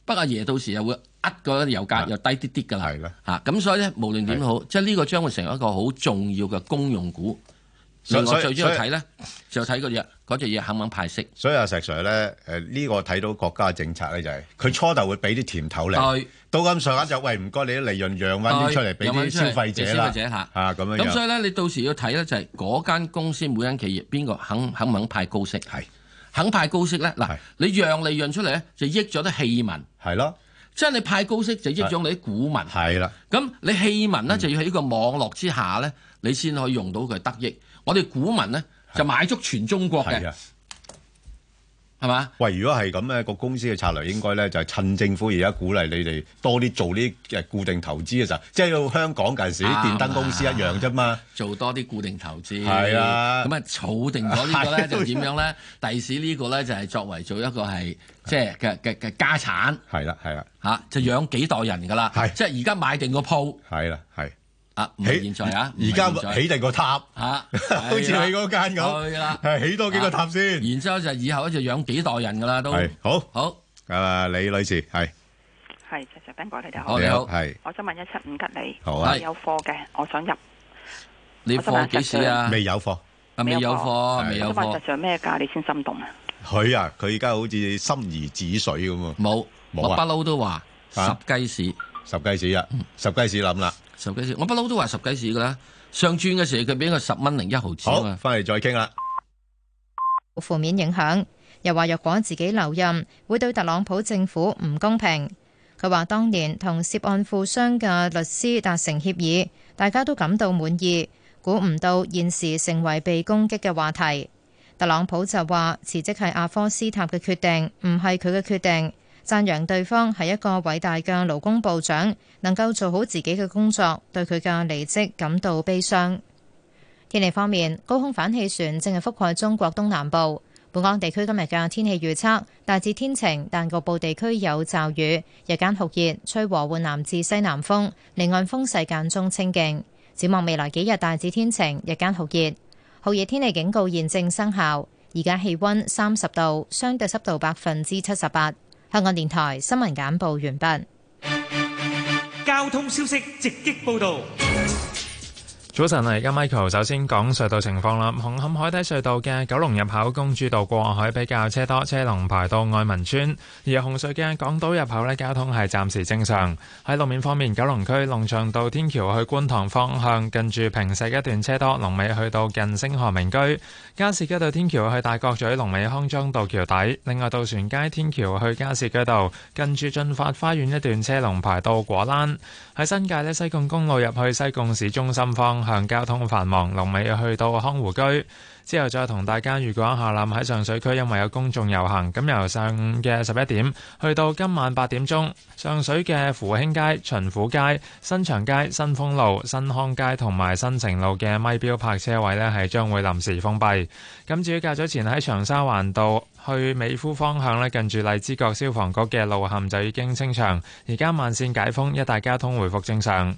不過爺到時又會呃個油價又低啲啲㗎啦。係啦，咁所以咧，無論點好，即係呢個將會成為一個好重要嘅公用股。所以我最主要睇咧，就睇嗰隻隻嘢肯唔肯派息。所以阿石 Sir 咧，誒呢個睇到國家政策咧，就係佢初頭會俾啲甜頭嚟，到咁上下就喂，唔該你啲利潤讓翻啲出嚟俾啲消費者、消費者嚇咁樣。咁所以咧，你到時要睇咧就係嗰間公司、每間企業邊個肯肯唔肯派高息？係肯派高息咧，嗱你讓利潤出嚟咧就益咗啲氣民。係咯，即係你派高息就益咗你啲股民。係啦，咁你氣民咧就要喺呢個網絡之下咧，你先可以用到佢得益。我哋股民咧就買足全中國嘅，係嘛？喂，如果係咁咧，個公司嘅策略應該咧就係趁政府而家鼓勵你哋多啲做啲固定投資嘅時候，即係要香港嗰時啲電燈公司一樣啫嘛，做多啲固定投資，係啊，咁啊儲定咗呢個咧就點樣咧？第時呢個咧就係作為做一個係即係嘅嘅嘅家產，係啦係啦，嚇就養幾代人噶啦，即係而家買定個鋪，係啦係。啊！起建材啊！而家起定個塔吓，好似起嗰間咁。係啦，係起多幾個塔先。然之後就以後就養幾代人噶啦。都係好，好。誒，李女士係係，謝謝賓果你哋好，你好。係我想問一七五吉利，我有貨嘅，我想入。你貨幾時啊？未有貨，未有貨，未有貨。我想問下上咩價你先心動啊？佢啊，佢而家好似心如止水咁啊！冇，我不嬲都話十雞屎，十雞屎啊，十雞屎諗啦。十幾市，我不嬲都話十幾市㗎啦。上轉嘅時佢俾個十蚊零一毫子啊，翻嚟再傾啦。負面影響又話，若果自己留任，會對特朗普政府唔公平。佢話當年同涉案富商嘅律師達成協議，大家都感到滿意。估唔到現時成為被攻擊嘅話題。特朗普就話辭職係阿科斯塔嘅決定，唔係佢嘅決定。讚揚對方係一個偉大嘅勞工部長，能夠做好自己嘅工作，對佢嘅離職感到悲傷。天氣方面，高空反氣旋正係覆蓋中國東南部。本港地區今日嘅天氣預測大致天晴，但局部地區有驟雨。日間酷熱，吹和緩南至西南風，離岸風勢間中清勁。展望未來幾日，大致天晴，日間酷熱。酷熱天氣警告現正生效。而家氣溫三十度，相對濕度百分之七十八。香港電台新聞簡報完畢。交通消息直擊報道。早晨嚟，今日 Michael 首先講隧道情況啦。紅磡海底隧道嘅九龍入口公主道過海比較車多，車龍排到愛民邨。而紅隧嘅港島入口呢，交通係暫時正常。喺路面方面，九龍區龍翔道天橋去觀塘方向，近住平石一段車多，龍尾去到近星河名居。加士居道天橋去大角咀，龍尾康莊道橋底。另外，渡船街天橋去加士居道，近住俊發花園一段車龍排到果欄。喺新界呢，西貢公路入去西貢市中心方。向交通繁忙，龍尾去到康湖居之後，再同大家預告一下，喇，喺上水區因為有公眾遊行，咁由上午嘅十一點去到今晚八點鐘，上水嘅扶興街、巡撫街、新祥街、新豐路、新康街同埋新城路嘅咪標泊車位呢係將會臨時封閉。咁至於較早前喺長沙灣道去美孚方向呢，近住荔枝角消防局嘅路陷就已經清場，而家慢綫解封，一帶交通回復正常。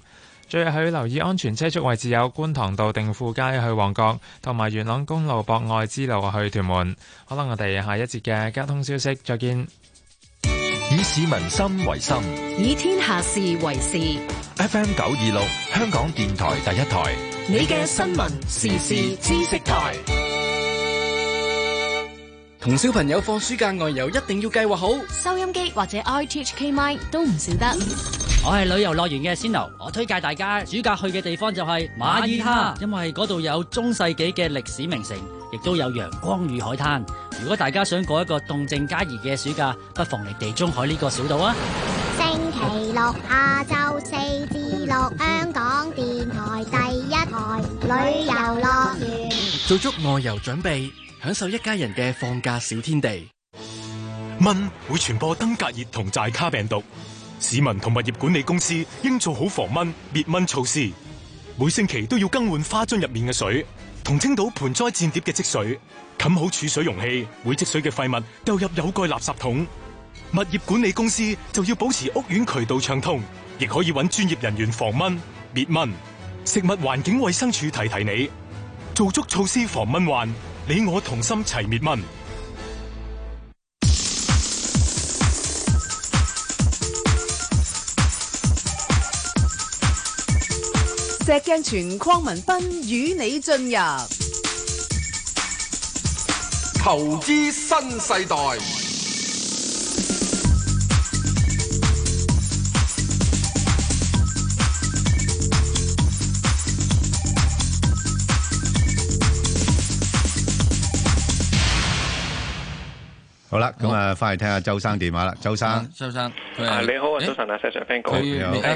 最後要留意安全車速位置有觀塘道定富街去旺角，同埋元朗公路博愛之路去屯門。可能我哋下一節嘅交通消息再見。以市民心為心，以天下事為事。F M 九二六，香港電台第一台。你嘅新聞時事知識台。同小朋友放暑假外遊，一定要計劃好。收音機或者 RTHK Mine 都唔少得。嗯我係旅遊樂園嘅先牛，我推介大家暑假去嘅地方就係馬耳他，因為嗰度有中世紀嘅歷史名城，亦都有陽光與海灘。如果大家想過一個動靜皆宜嘅暑假，不妨嚟地中海呢個小島啊！星期六，下晝四至六，香港電台第一台旅遊樂園，做足外遊準備，享受一家人嘅放假小天地。蚊會傳播登革熱同寨卡病毒。市民同物業管理公司應做好防蚊滅蚊措施，每星期都要更換花樽入面嘅水，同清倒盆栽墊碟嘅積水，冚好儲水容器，會積水嘅廢物丟入有蓋垃圾桶。物業管理公司就要保持屋苑渠道暢通，亦可以揾專業人員防蚊滅蚊。食物環境衛生署提提你，做足措施防蚊患，你我同心齊滅蚊。石鏡泉鄺民彬與你進入投資新世代。好啦，咁啊，翻嚟聽下周生電話啦，周生，周生，你好啊，早晨啊，石 Sir，聽講，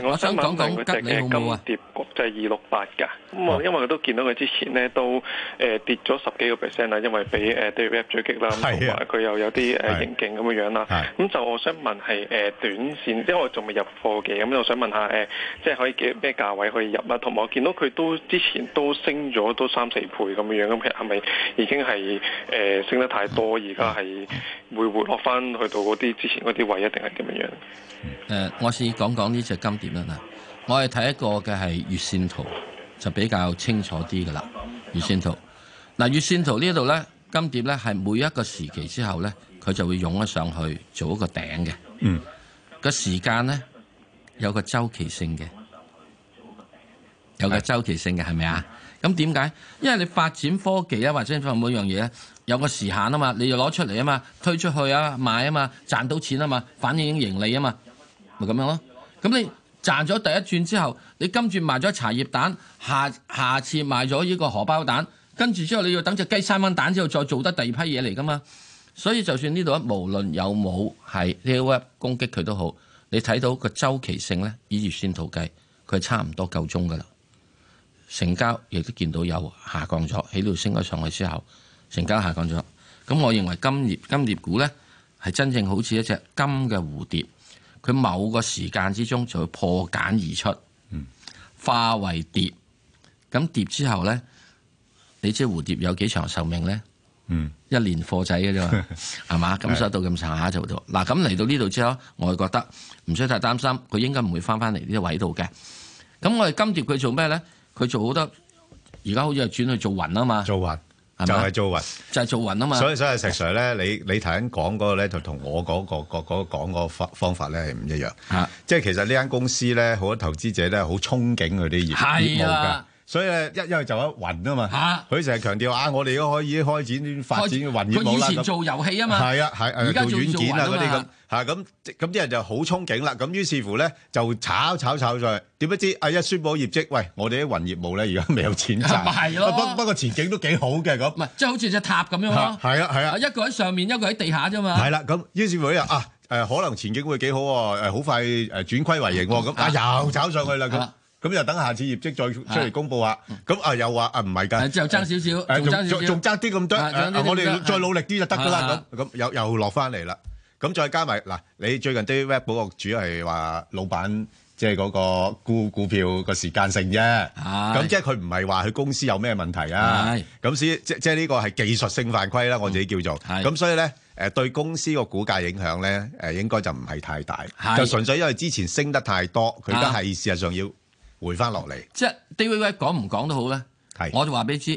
我想講下佢隻嘅金蝶國際二六八噶，咁啊，因為佢都見到佢之前咧都誒跌咗十幾個 percent 啦，因為俾誒 d v e p 追擊啦，同埋佢又有啲誒應咁嘅樣啦，咁就我想問係誒短線，因為我仲未入貨嘅，咁我想問下誒，即係可以幾咩價位可以入啊？同埋我見到佢都之前都升咗都三四倍咁嘅樣，咁係咪已經係誒升得太多？而家係？會回落翻去到嗰啲之前嗰啲位一定係點樣樣？誒、嗯，我先講講呢隻金蝶啦。我係睇一個嘅係月線圖，就比較清楚啲㗎啦。月線圖嗱，嗯、月線圖這裡呢度咧，金蝶咧係每一個時期之後咧，佢就會湧咗上去做一個頂嘅。嗯。個時間咧有一個周期性嘅，有一個周期性嘅係咪啊？咁點解？因為你發展科技啊，或者做每樣嘢咧。有個時限啊嘛，你就攞出嚟啊嘛，推出去啊，買啊嘛，賺到錢啊嘛，反映盈利啊嘛，咪咁樣咯。咁你賺咗第一轉之後，你今轉賣咗茶葉蛋，下下次賣咗呢個荷包蛋，跟住之後你要等隻雞生翻蛋之後，再做得第二批嘢嚟噶嘛。所以就算呢度咧，無論有冇係 new 攻擊佢都好，你睇到個周期性咧，以月線圖計，佢差唔多夠鐘噶啦。成交亦都見到有下降咗，喺度升咗上去之後。成交下講咗，咁我認為金蝶金蝶股咧係真正好似一隻金嘅蝴蝶，佢某個時間之中就會破繭而出，化為蝶。咁蝶之後咧，你知蝴蝶，蝶有幾長壽命咧？嗯，一年貨仔嘅啫嘛，係嘛？咁收到咁上下就到。嗱，咁嚟到呢度之後，我就覺得唔需要太擔心，佢應該唔會翻翻嚟呢個位度嘅。咁我哋金蝶佢做咩咧？佢做得而家好似係轉去做雲啊嘛。做雲。是就係做運，就係做運啊嘛。所以所以，石 Sir 咧，你你頭先講嗰個咧，就同我嗰、嗰個、嗰個嗰講、嗰個嗰個方方法咧係唔一樣。嚇、啊，即係其實呢間公司咧，好多投資者咧，好憧憬佢啲業業務㗎。所以一因為就一雲啊嘛，佢成日強調啊，我哋都可以開展發展雲業務啦。佢以前做遊戲嘛，係、啊啊啊、做軟件啦嗰啲咁咁啲人就好憧憬啦。咁於是乎呢，就炒炒炒上去，點不知啊一宣佈業績，喂，我哋啲雲業務呢而家未有錢賺。咪、啊就是、不不過前景都幾好嘅咁。唔係即係好似隻塔咁樣咯。係啊係啊，是啊是啊一個喺上面，一個喺地下啫嘛。係咁、啊、於是乎啊可能前景會幾好誒，好快轉虧為盈喎、啊啊、又炒上去啦。咁又等下次業績再出嚟公佈啊！咁啊又話啊，唔係㗎，又爭少少，仲爭少少，仲爭啲咁多。我哋再努力啲就得㗎啦。咁咁又又落翻嚟啦。咁再加埋嗱，你最近啲 rap 保局主係話老闆，即係嗰個股股票個時間性啫。咁即係佢唔係話佢公司有咩問題啊？咁先即即係呢個係技術性犯規啦。我自己叫做咁，所以咧誒對公司個股價影響咧誒應該就唔係太大，就純粹因為之前升得太多，佢而家係事實上要。回翻落嚟，即係 David 講唔講都好啦。係，我就話俾你知，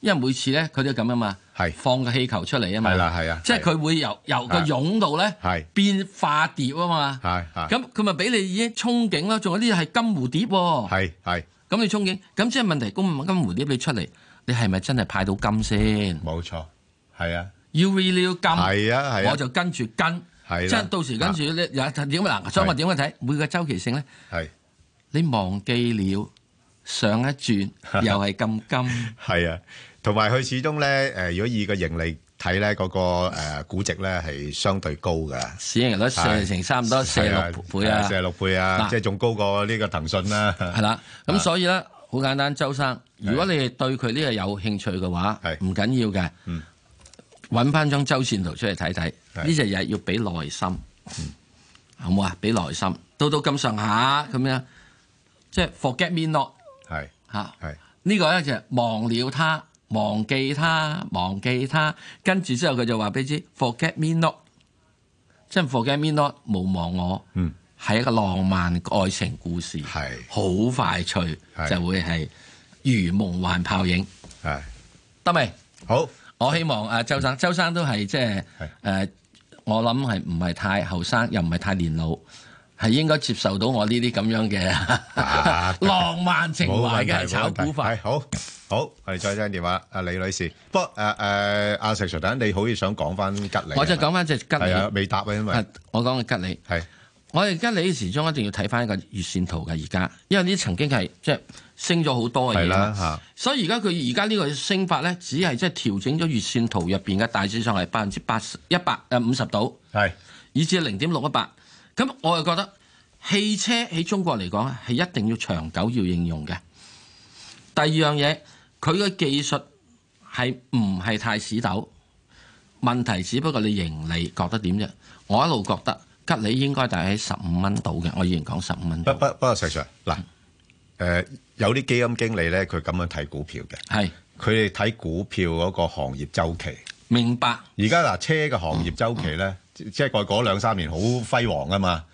因為每次咧佢都咁噶嘛，係放個氣球出嚟啊嘛。係啦係啊，即係佢會由由個蛹度咧，係變化蝶啊嘛。係咁佢咪俾你已經憧憬咯？仲有啲係金蝴蝶喎。係係，咁你憧憬，咁即係問題，咁金蝴蝶你出嚟，你係咪真係派到金先？冇錯，係啊。要 real 金，係啊係，我就跟住跟，即係到時跟住咧又點啊？所以我點睇每個周期性咧？係。你忘記了上一轉又係咁金，係啊，同埋佢始終咧誒，如果以個盈利睇咧，嗰個誒估值咧係相對高嘅市盈率都四成，差唔多四十六倍啊，四十六倍啊，即係仲高過呢個騰訊啦。係啦，咁所以咧好簡單，周生如果你係對佢呢個有興趣嘅話，係唔緊要嘅，嗯，揾翻張周線圖出嚟睇睇，呢隻嘢要俾耐心，好冇啊？俾耐心到到咁上下咁樣。即係 forget me not，係嚇，呢個咧就係忘了他，忘記他，忘記他，跟住之後佢就話俾你知 forget me not，即係 forget me not，冇忘我，係、嗯、一個浪漫愛情故事，好是快脆是就會係如夢幻泡影，得未？好，我希望啊周生，嗯、周生都係即係誒，我諗係唔係太後生，又唔係太年老。係應該接受到我呢啲咁樣嘅、啊、浪漫情懷嘅炒股法。好，好，我哋再聽電話。阿李女士，不過，誒、啊、誒，阿、啊啊、石 Sir，等你好似想講翻吉利，我就講翻隻吉利。未答啊，因為我講嘅吉利係是我哋吉利始終一定要睇翻個月線圖嘅。而家因為啲曾經係即係升咗好多嘅嘢啦，所以而家佢而家呢個升法咧，只係即係調整咗月線圖入邊嘅大致上係百分之八十一百誒五十度，係是，以至零點六一八。咁我又覺得汽車喺中國嚟講係一定要長久要應用嘅。第二樣嘢，佢嘅技術係唔係太屎豆？問題只不過你盈利覺得點啫？我一路覺得吉利應該就喺十五蚊度嘅。我以前講十五蚊。不不不過石 Sir，嗱，誒有啲基金經理咧，佢咁樣睇股票嘅，係佢哋睇股票嗰個行業週期。明白。而家嗱，車嘅行業週期咧。即係過咗兩三年好輝煌啊嘛，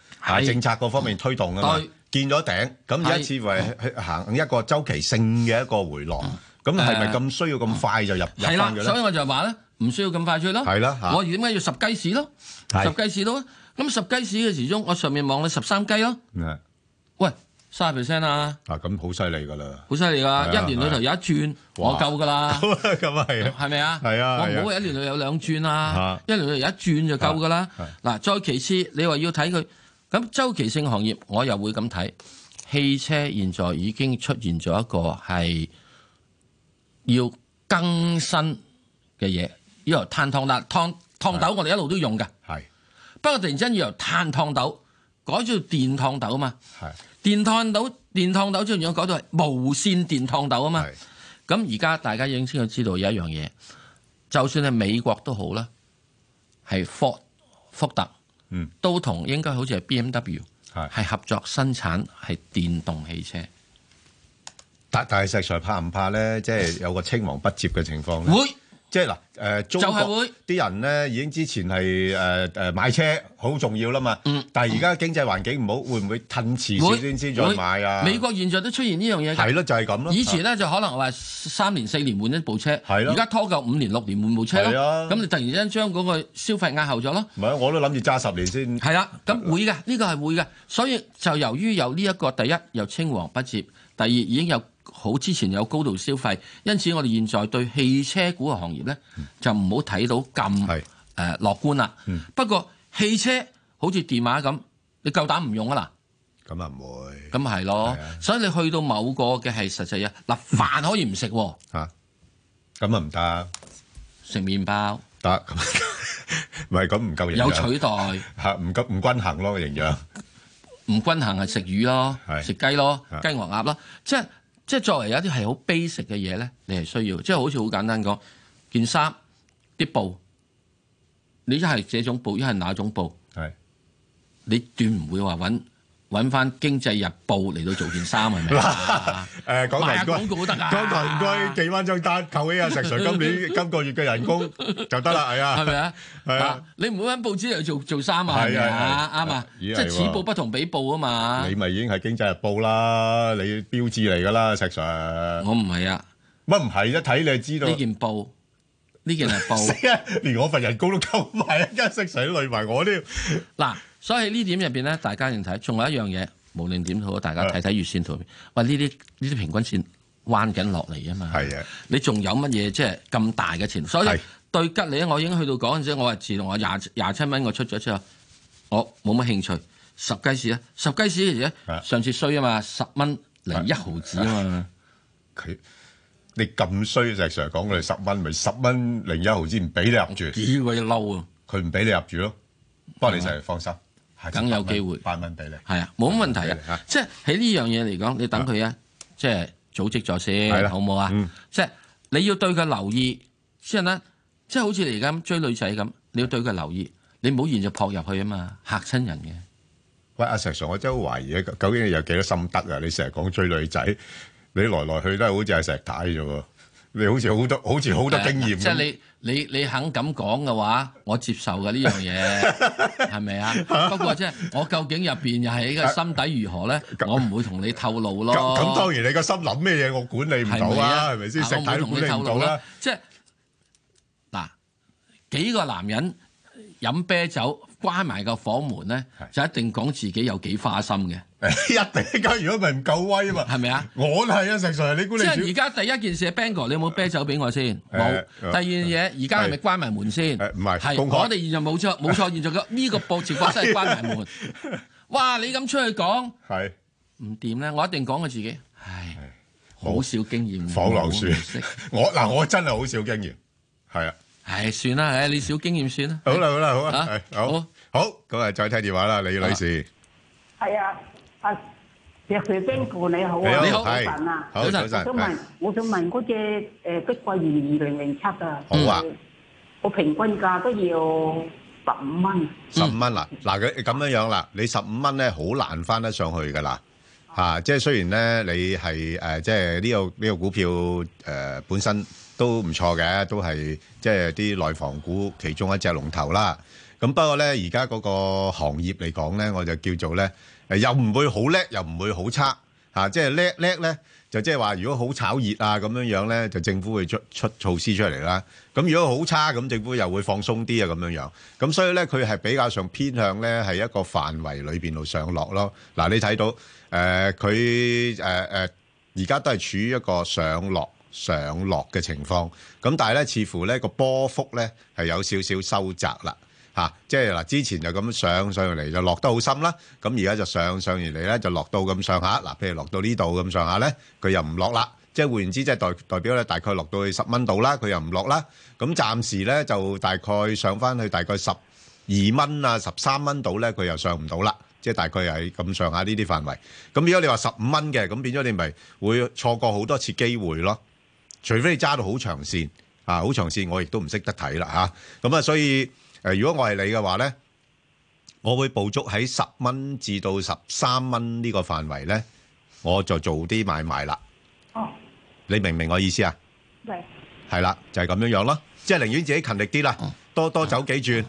是政策各方面推動啊嘛，對見咗頂，咁是而家似乎係行一個周期性嘅一個回落。咁係咪咁需要咁快就入的入嘅，所以我就話咧，唔需要咁快出去咯。我點解要十雞屎咯？的十雞屎咯，咁十雞屎嘅時鐘，我上面望你十三雞咯。的喂！三十%啊！嗱、啊，咁好犀利噶啦，好犀利噶，啊、是是一年裏頭有一轉，嘩我夠噶啦。咁啊，係係咪啊？係啊，我唔好話一年裏有兩轉啦、啊，啊、一年裏有一轉就夠噶啦。嗱、啊，啊、再其次，你話要睇佢咁周期性行業，我又會咁睇。汽車現在已經出現咗一個係要更新嘅嘢，由碳燙啦，燙燙豆我哋一路都用嘅，係、啊。啊、不過突然之間要由碳燙豆改咗電燙豆啊嘛，電燙斗、電燙斗，即係我講到係無線電燙斗啊嘛。咁而家大家已經知道知道有一樣嘢，就算係美國都好啦，係福特，嗯，都同應該好似係 B M W，係是合作生產係電動汽車。但大石材怕唔怕咧？ 即係有個青黃不接嘅情況咧。會即係嗱，誒、呃、中國啲人咧已經之前係誒誒買車好重要啦嘛，嗯、但係而家經濟環境唔好，會唔會褪遲先先再買啊？美國現在都出現呢樣嘢，係咯就係咁咯。以前咧就可能話三年四年換一部車，而家拖夠五年六年換部車咯。咁你突然之間將嗰個消費壓後咗咯？唔係，我都諗住揸十年先。係啦，咁會嘅呢個係會嘅，所以就由於有呢一個第一又青黃不接，第二已經有。好之前有高度消費，因此我哋現在對汽車股嘅行業咧，就唔好睇到咁誒樂觀啦。嗯、不過汽車好似電話咁，你夠膽唔用啊？嗱，咁啊唔會，咁咪係咯。所以你去到某個嘅係實際嘢，嗱、啊、飯可以唔食喎嚇，咁啊唔得，食麪、啊、包得咁，唔咁唔夠營養，有取代嚇唔均唔均衡咯營養，唔均衡係食魚咯，食是雞咯，雞鵝咯、啊、雞鴨咯，即係。即係作為有啲係好 basic 嘅嘢咧，你係需要，即係好似好簡單講，件衫啲布，你一係這種布，一係那種布，的你斷唔會話揾。揾翻《經濟日報》嚟到做件衫係咪？嗱，誒講台廣告都得㗎，講台唔該寄翻張單，扣起阿石 Sir 今年今個月嘅人工就得啦，係啊，係咪啊？嚇，你唔會揾報紙嚟做做衫啊？係啊，啱啊，即係此報不同彼報啊嘛。你咪已經係《經濟日報》啦，你標誌嚟㗎啦，石 Sir。我唔係啊。乜唔係？一睇你就知道。呢件報，呢件係報，連我份人工都夠埋。一間石 Sir 累埋我添。嗱。所以呢點入邊咧，大家認睇。仲有一樣嘢，無論點好，大家睇睇月線圖。喂，呢啲呢啲平均線彎緊落嚟啊嘛。係啊，你仲有乜嘢即係咁大嘅錢？所以對吉利咧，我已經去到嗰陣時，我話自動話廿廿七蚊，我出咗之後，我冇乜興趣。十雞屎啊！十雞屎嘅嘢，上次衰啊嘛，十蚊零一毫子啊嘛。佢你咁衰就成日講佢哋十蚊，咪十蚊零一毫子唔俾你入住，幾鬼嬲啊！佢唔俾你入住咯，不過你就放心。梗有機會，百蚊俾你，係啊，冇乜問題啊，即係喺呢樣嘢嚟講，你等佢啊，即係組織咗先，係啊，好冇啊？即係你要對佢留意先啦，即係好似你而家咁追女仔咁，你要對佢留意，你唔好現就撲入去啊嘛，嚇親人嘅。喂，阿石 Sir，我真係好懷疑啊，究竟你有幾多心得啊？你成日講追女仔，你來來去都係好似係石太啫喎，你好似好多，好似好多經驗。你你肯咁講嘅話，我接受嘅呢樣嘢，係咪啊？不過即係我究竟入邊又係一個心底如何咧？我唔會同你透露咯。咁當然你個心諗咩嘢，我管理唔到啦，係咪先？心底、啊、管理唔到啦。即係嗱幾個男人飲啤酒，關埋個房門咧，就一定講自己有幾花心嘅，一定。如果唔係唔夠威啊嘛，係咪啊？我都係一成你孤力即係而家第一件事彬哥你有冇啤酒俾我先？冇。第二樣嘢，而家係咪關埋門先？唔係。係我哋現在冇錯，冇錯，現在嘅呢個步調講真係關埋門。哇！你咁出去講，係唔掂咧？我一定講我自己，唉，好少經驗，房徨書。我嗱，我真係好少經驗，係啊。唉，算啦，唉，你少經驗算啦。好啦，好啦，好啊，好，好咁啊，再聽電話啦，李女士。係啊，阿石生、民彬哥你好啊，你好，早晨啊，早晨。想問，我想問嗰隻誒碧桂園二零零七啊，好啊，我平均價都要十五蚊。十五蚊啦，嗱佢咁樣樣啦，你十五蚊咧，好難返得上去噶啦，嚇！即係雖然咧，你係誒，即係呢個呢個股票誒本身。都唔錯嘅，都係即係啲內房股其中一隻龍頭啦。咁不過呢，而家嗰個行業嚟講呢，我就叫做呢，呃、又唔會好叻，又唔會好差、啊、即係叻叻呢，就即係話如果好炒熱啊咁樣樣呢，就政府會出出措施出嚟啦。咁如果好差咁，政府又會放鬆啲啊咁樣樣。咁所以呢，佢係比較上偏向呢，係一個範圍裏面度上落咯。嗱、啊，你睇到誒佢誒而家都係處於一個上落。上落嘅情況，咁但係咧，似乎咧個波幅咧係有少少收窄啦，嚇，即係嗱，之前就咁上上嚟就落得好深啦，咁而家就上上而嚟咧就落到咁上下，嗱，譬如落到呢度咁上下咧，佢又唔落啦，即係換言之，即係代代表咧大概落到去十蚊度啦，佢又唔落啦，咁暫時咧就大概上翻去大概十二蚊啊十三蚊度咧，佢又上唔到啦，即係大概喺咁上下呢啲範圍，咁如果你話十五蚊嘅，咁變咗你咪會錯過好多次機會咯。除非你揸到好長線啊，好長線，我亦都唔識得睇啦嚇。咁啊，所以誒，如果我係你嘅話咧，我會捕捉喺十蚊至到十三蚊呢個範圍咧，我就做啲買賣啦。哦，你明唔明我意思啊？明。係啦，就係咁樣樣咯，即係寧願自己勤力啲啦，多多走幾轉，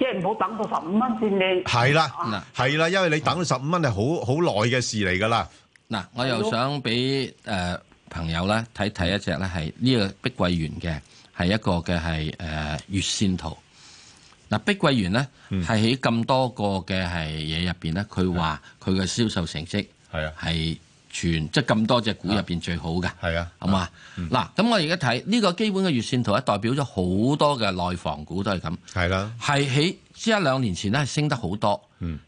即係唔好等到十五蚊先你。係啦，係啦，因為你等到十五蚊係好好耐嘅事嚟㗎啦。嗱，我又想俾誒。朋友咧，睇睇一隻咧，係呢個碧桂園嘅，係一個嘅，係誒月線圖。嗱，碧桂園咧，係喺咁多個嘅係嘢入邊咧，佢話佢嘅銷售成績係啊，係全，即係咁多隻股入邊最好嘅係啊，好嘛？嗱，咁我而家睇呢個基本嘅月線圖咧，代表咗好多嘅內房股都係咁係啦，係喺、啊。即係兩年前咧，係升得好多，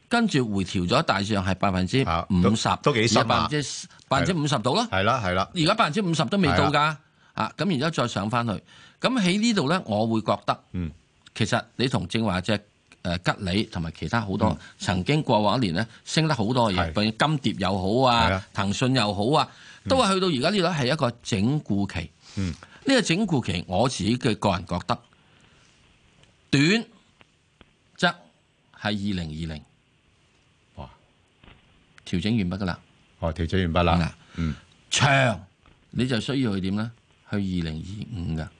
跟住回調咗，大致上係百分之五十，都幾百分之百分之五十到啦，係啦係啦，而家百分之五十都未到噶，啊咁，然之後再上翻去，咁喺呢度咧，我會覺得，其實你同正話隻誒吉利同埋其他好多曾經過往一年咧，升得好多嘅嘢，譬如金蝶又好啊，騰訊又好啊，都係去到而家呢度係一個整固期，呢個整固期我自己嘅個人覺得短。係二零二零，哇！調整完畢噶啦，哦，調整完畢啦，嗯，長你就需要去點咧？去二零二五噶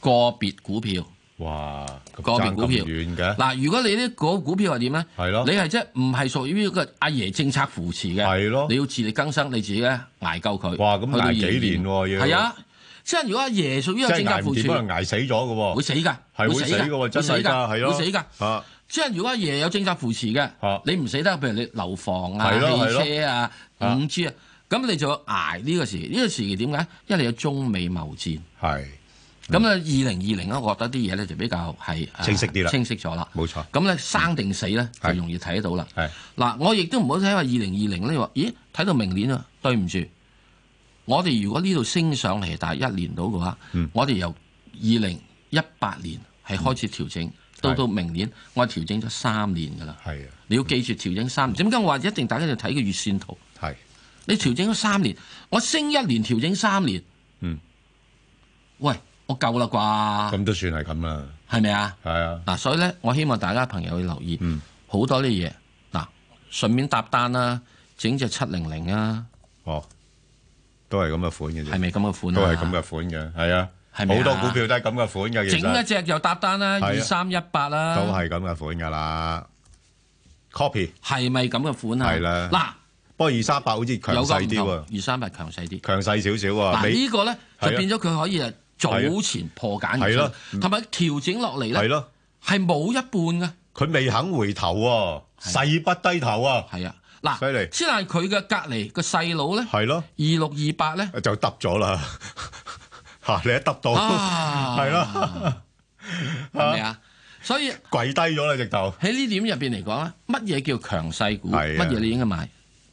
個別股票，哇！個別股票遠嘅嗱，如果你啲個股票係點咧？係咯，你係即係唔係屬於呢個阿爺政策扶持嘅？係咯，你要自力更生，你自己咧挨夠佢。哇！咁挨幾年喎？係啊，即係如果阿爺屬於政策扶持，挨唔住，可能挨死咗嘅，會死噶，係會死噶，真係噶，會死噶。即係如果阿爺有政策扶持嘅，你唔死得，譬如你樓房啊、汽車啊、五 G 啊，咁你就要捱呢個時期。呢個時期點解？因為你有中美貿戰。係。咁咧，二零二零咧，我覺得啲嘢咧就比較係清晰啲啦，清晰咗啦。冇錯。咁咧，生定死咧就容易睇得到啦。係。嗱，我亦都唔好睇話二零二零咧話，咦？睇到明年啊，對唔住，我哋如果呢度升上嚟，但係一年到嘅話，我哋由二零一八年係開始調整。到到明年，我調整咗三年噶啦。係啊，你要記住調整三年。點解我話一定大家要睇個月線圖？係。你調整咗三年，我升一年，調整三年。嗯。喂，我夠啦啩？咁都算係咁啦。係咪啊？係啊。嗱，所以咧，我希望大家朋友去留意。嗯。好多啲嘢。嗱，順便搭單啦，整隻七零零啊。哦。都係咁嘅款嘅啫。係咪咁嘅款，都係咁嘅款嘅，係啊。好多股票都係咁嘅款嘅，整一隻又搭單啦，二三一八啦，都係咁嘅款噶啦，copy 係咪咁嘅款啊？係啦，嗱，不過二三八好似強勢啲喎，二三八強勢啲，強勢少少啊。嗱呢個咧就變咗佢可以啊早前破簡係咯，同埋調整落嚟咧係咯，係冇一半啊。佢未肯回頭喎，誓不低頭啊！係啊，嗱，犀利，先係佢嘅隔籬個細佬咧，係咯，二六二八咧就耷咗啦。吓，你一揼到，係咯，係咪啊？所以跪低咗啦，直頭喺呢點入邊嚟講咧，乜嘢叫強勢股？乜嘢你應該買？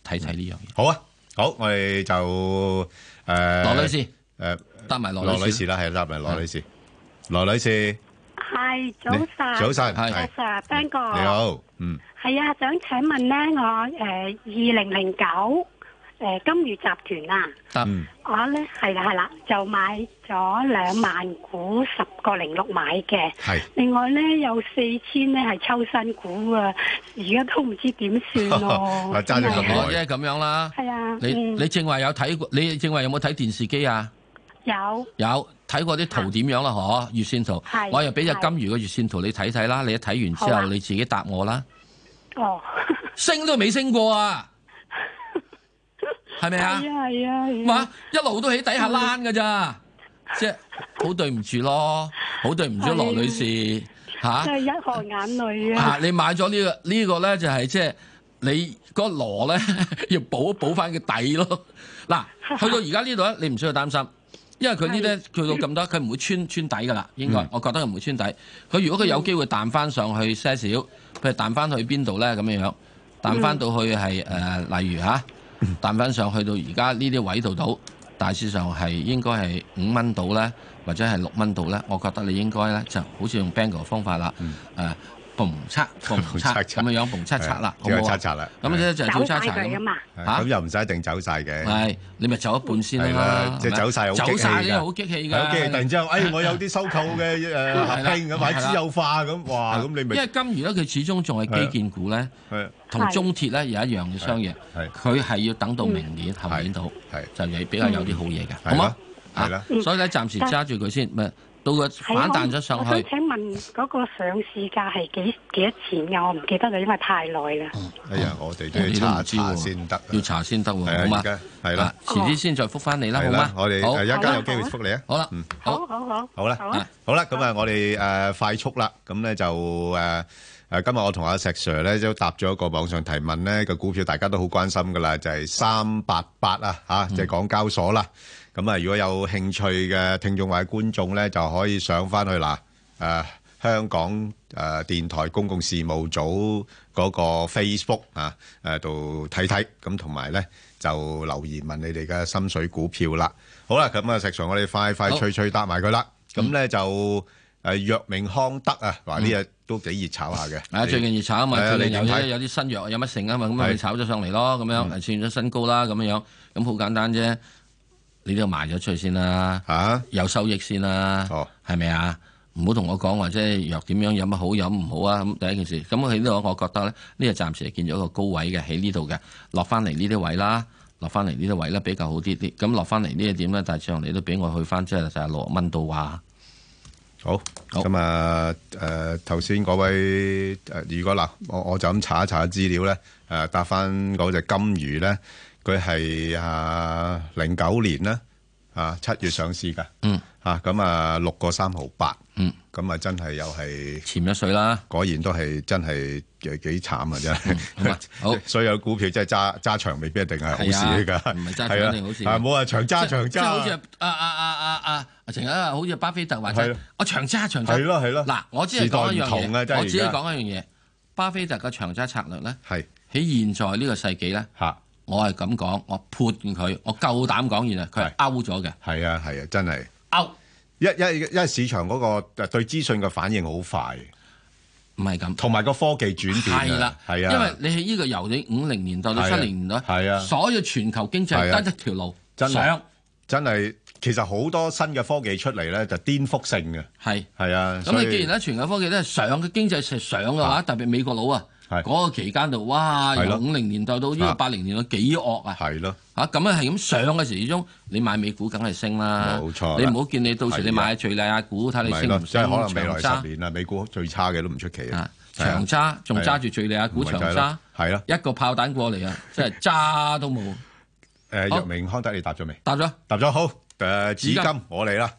睇睇呢樣嘢。好啊，好，我哋就誒，羅女士，誒，搭埋羅女士啦，係搭埋羅女士，羅女士，係早晨，早晨，早晨，thank you，你好，嗯，係啊，想請問咧，我誒二零零九。誒，金魚集團啊，我咧係啦係啦，就買咗兩萬股十個零六買嘅，另外咧有四千咧係抽新股啊，而家都唔知點算咯，咪揸住個台啫，即係咁樣啦。係啊，你你正話有睇過，你正話有冇睇電視機啊？有有睇過啲圖點樣啦？嗬，月線圖，我又俾隻金魚嘅月線圖你睇睇啦，你一睇完之後你自己答我啦。哦，升都未升過啊！係咪啊？嘛、啊，係啊係啊、一路都喺底下攣噶咋，啊、即係好對唔住咯，好對唔住羅女士，吓、啊！真係、啊、一行眼淚啊！你買咗、這個這個、呢個呢個咧，就係即係你個羅咧要補補翻個底咯。嗱、啊，去到而家呢度咧，你唔需要擔心，因為佢呢啲去到咁多，佢唔會穿穿底噶啦。應該，嗯、我覺得佢唔會穿底。佢如果佢有機會彈翻上去些少，佢彈翻去邊度咧？咁樣樣彈翻到去係誒、呃，例如吓。啊 但翻上去到而家呢啲位度到，大致上係應該係五蚊度咧，或者係六蚊度咧，我覺得你應該咧就好似用 bangle 方法啦，嗯逢咁樣樣逢七七啦，咁拆七七啦，咁就係走七七咁，又唔使一定走晒嘅。係你咪走一半先即係走晒，好激氣㗎。走晒！好激氣突然之間，哎，我有啲收購嘅誒拼咁買私有化咁，哇，咁你咪因為金魚咧，佢始終仲係基建股咧，同中鐵咧有一樣嘅商業，佢係要等到明年後年到，就係比較有啲好嘢嘅，好冇係所以咧暫時揸住佢先，到個反彈咗上去。我想請問嗰個上市價係幾幾多錢㗎？我唔記得啦，因為太耐啦。哎呀，我哋都要查一查先得，要查先得喎。咁啊，係啦，遲啲先再覆返你啦。係啦，我哋一陣間有機會覆你啊。好啦，好好好，好啦，好啦，咁啊，我哋誒快速啦。咁咧就誒誒，今日我同阿石 Sir 咧都答咗一個網上提問咧個股票，大家都好關心㗎啦，就係三八八啊，嚇，即係港交所啦。咁啊，如果有興趣嘅聽眾或者觀眾咧，就可以上翻去嗱，誒、呃、香港誒電台公共事務組嗰個 Facebook 啊，誒度睇睇，咁同埋咧就留言問你哋嘅心水股票啦。好啦，咁、嗯、啊，石 Sir，我哋快快脆脆答埋佢啦。咁咧就誒藥明康德啊，話呢日都幾熱炒下嘅。啊，最近熱炒啊嘛，佢又因為有啲新藥有乜成啊嘛，咁咪是炒咗上嚟咯，咁樣係創咗新高啦，咁樣樣，咁好簡單啫。你都賣咗出去先啦、啊，嚇、啊、有收益先啦，係咪啊？唔好同我講話即係藥點樣，有乜好，有乜唔好啊？咁第一件事，咁我喺呢度，我覺得咧，呢個暫時係見咗一個高位嘅，喺呢度嘅落翻嚟呢啲位啦，落翻嚟呢啲位咧比較好啲啲。咁落翻嚟呢一點咧，但係上望你都俾我去翻即係六蚊到啊。好，咁啊誒頭先嗰位誒如果嗱，我我就咁查一查資料咧，誒答翻嗰隻金魚咧。佢係啊零九年啦，啊七月上市噶，咁、嗯、啊六個三毫八，咁啊、嗯、真係又係潛咗水啦，果然都係真係幾幾慘啊真係，好所有股票真係揸揸長未必一定係好事噶，唔係揸肯定好事的，唔好話長揸長揸，即係好似阿阿阿阿阿陳啊，就是、好似、啊啊啊啊啊、巴菲特話齋，的我長揸長揸，係咯係咯，嗱我只係講一樣嘢，我只係講一,一樣嘢、啊，巴菲特嘅長揸策略咧，係喺現在呢個世紀咧吓。我係咁講，我撥佢，我夠膽講完，啊！佢係勾咗嘅。係啊，係啊，真係勾 Out。一、一、一市場嗰個對資訊嘅反應好快。唔係咁，同埋個科技轉變的。係啦，係啊，係啊，因為你喺呢個由你五零年代到七零年代，係啊，啊所有全球經濟得一條路真係、啊，真係爽其實好多新嘅科技出嚟咧，就顛覆性嘅。係係是啊，咁你既然喺全球科技都係上嘅經濟上嘅話，啊、特別美國佬啊。嗰個期間度，哇！由五零年代到呢個八零年代幾惡啊？係咯嚇咁啊，係咁上嘅時候，始終，你買美股梗係升啦。冇錯，你唔好見你到時你買敍利亞股睇你升唔升？可能未來十年啊，美股最差嘅都唔出奇啊！長揸仲揸住敍利亞股長揸，係啦，一個炮彈過嚟啊，即係揸都冇。誒，藥明康德你答咗未？答咗，答咗。好，誒，紫金我嚟啦。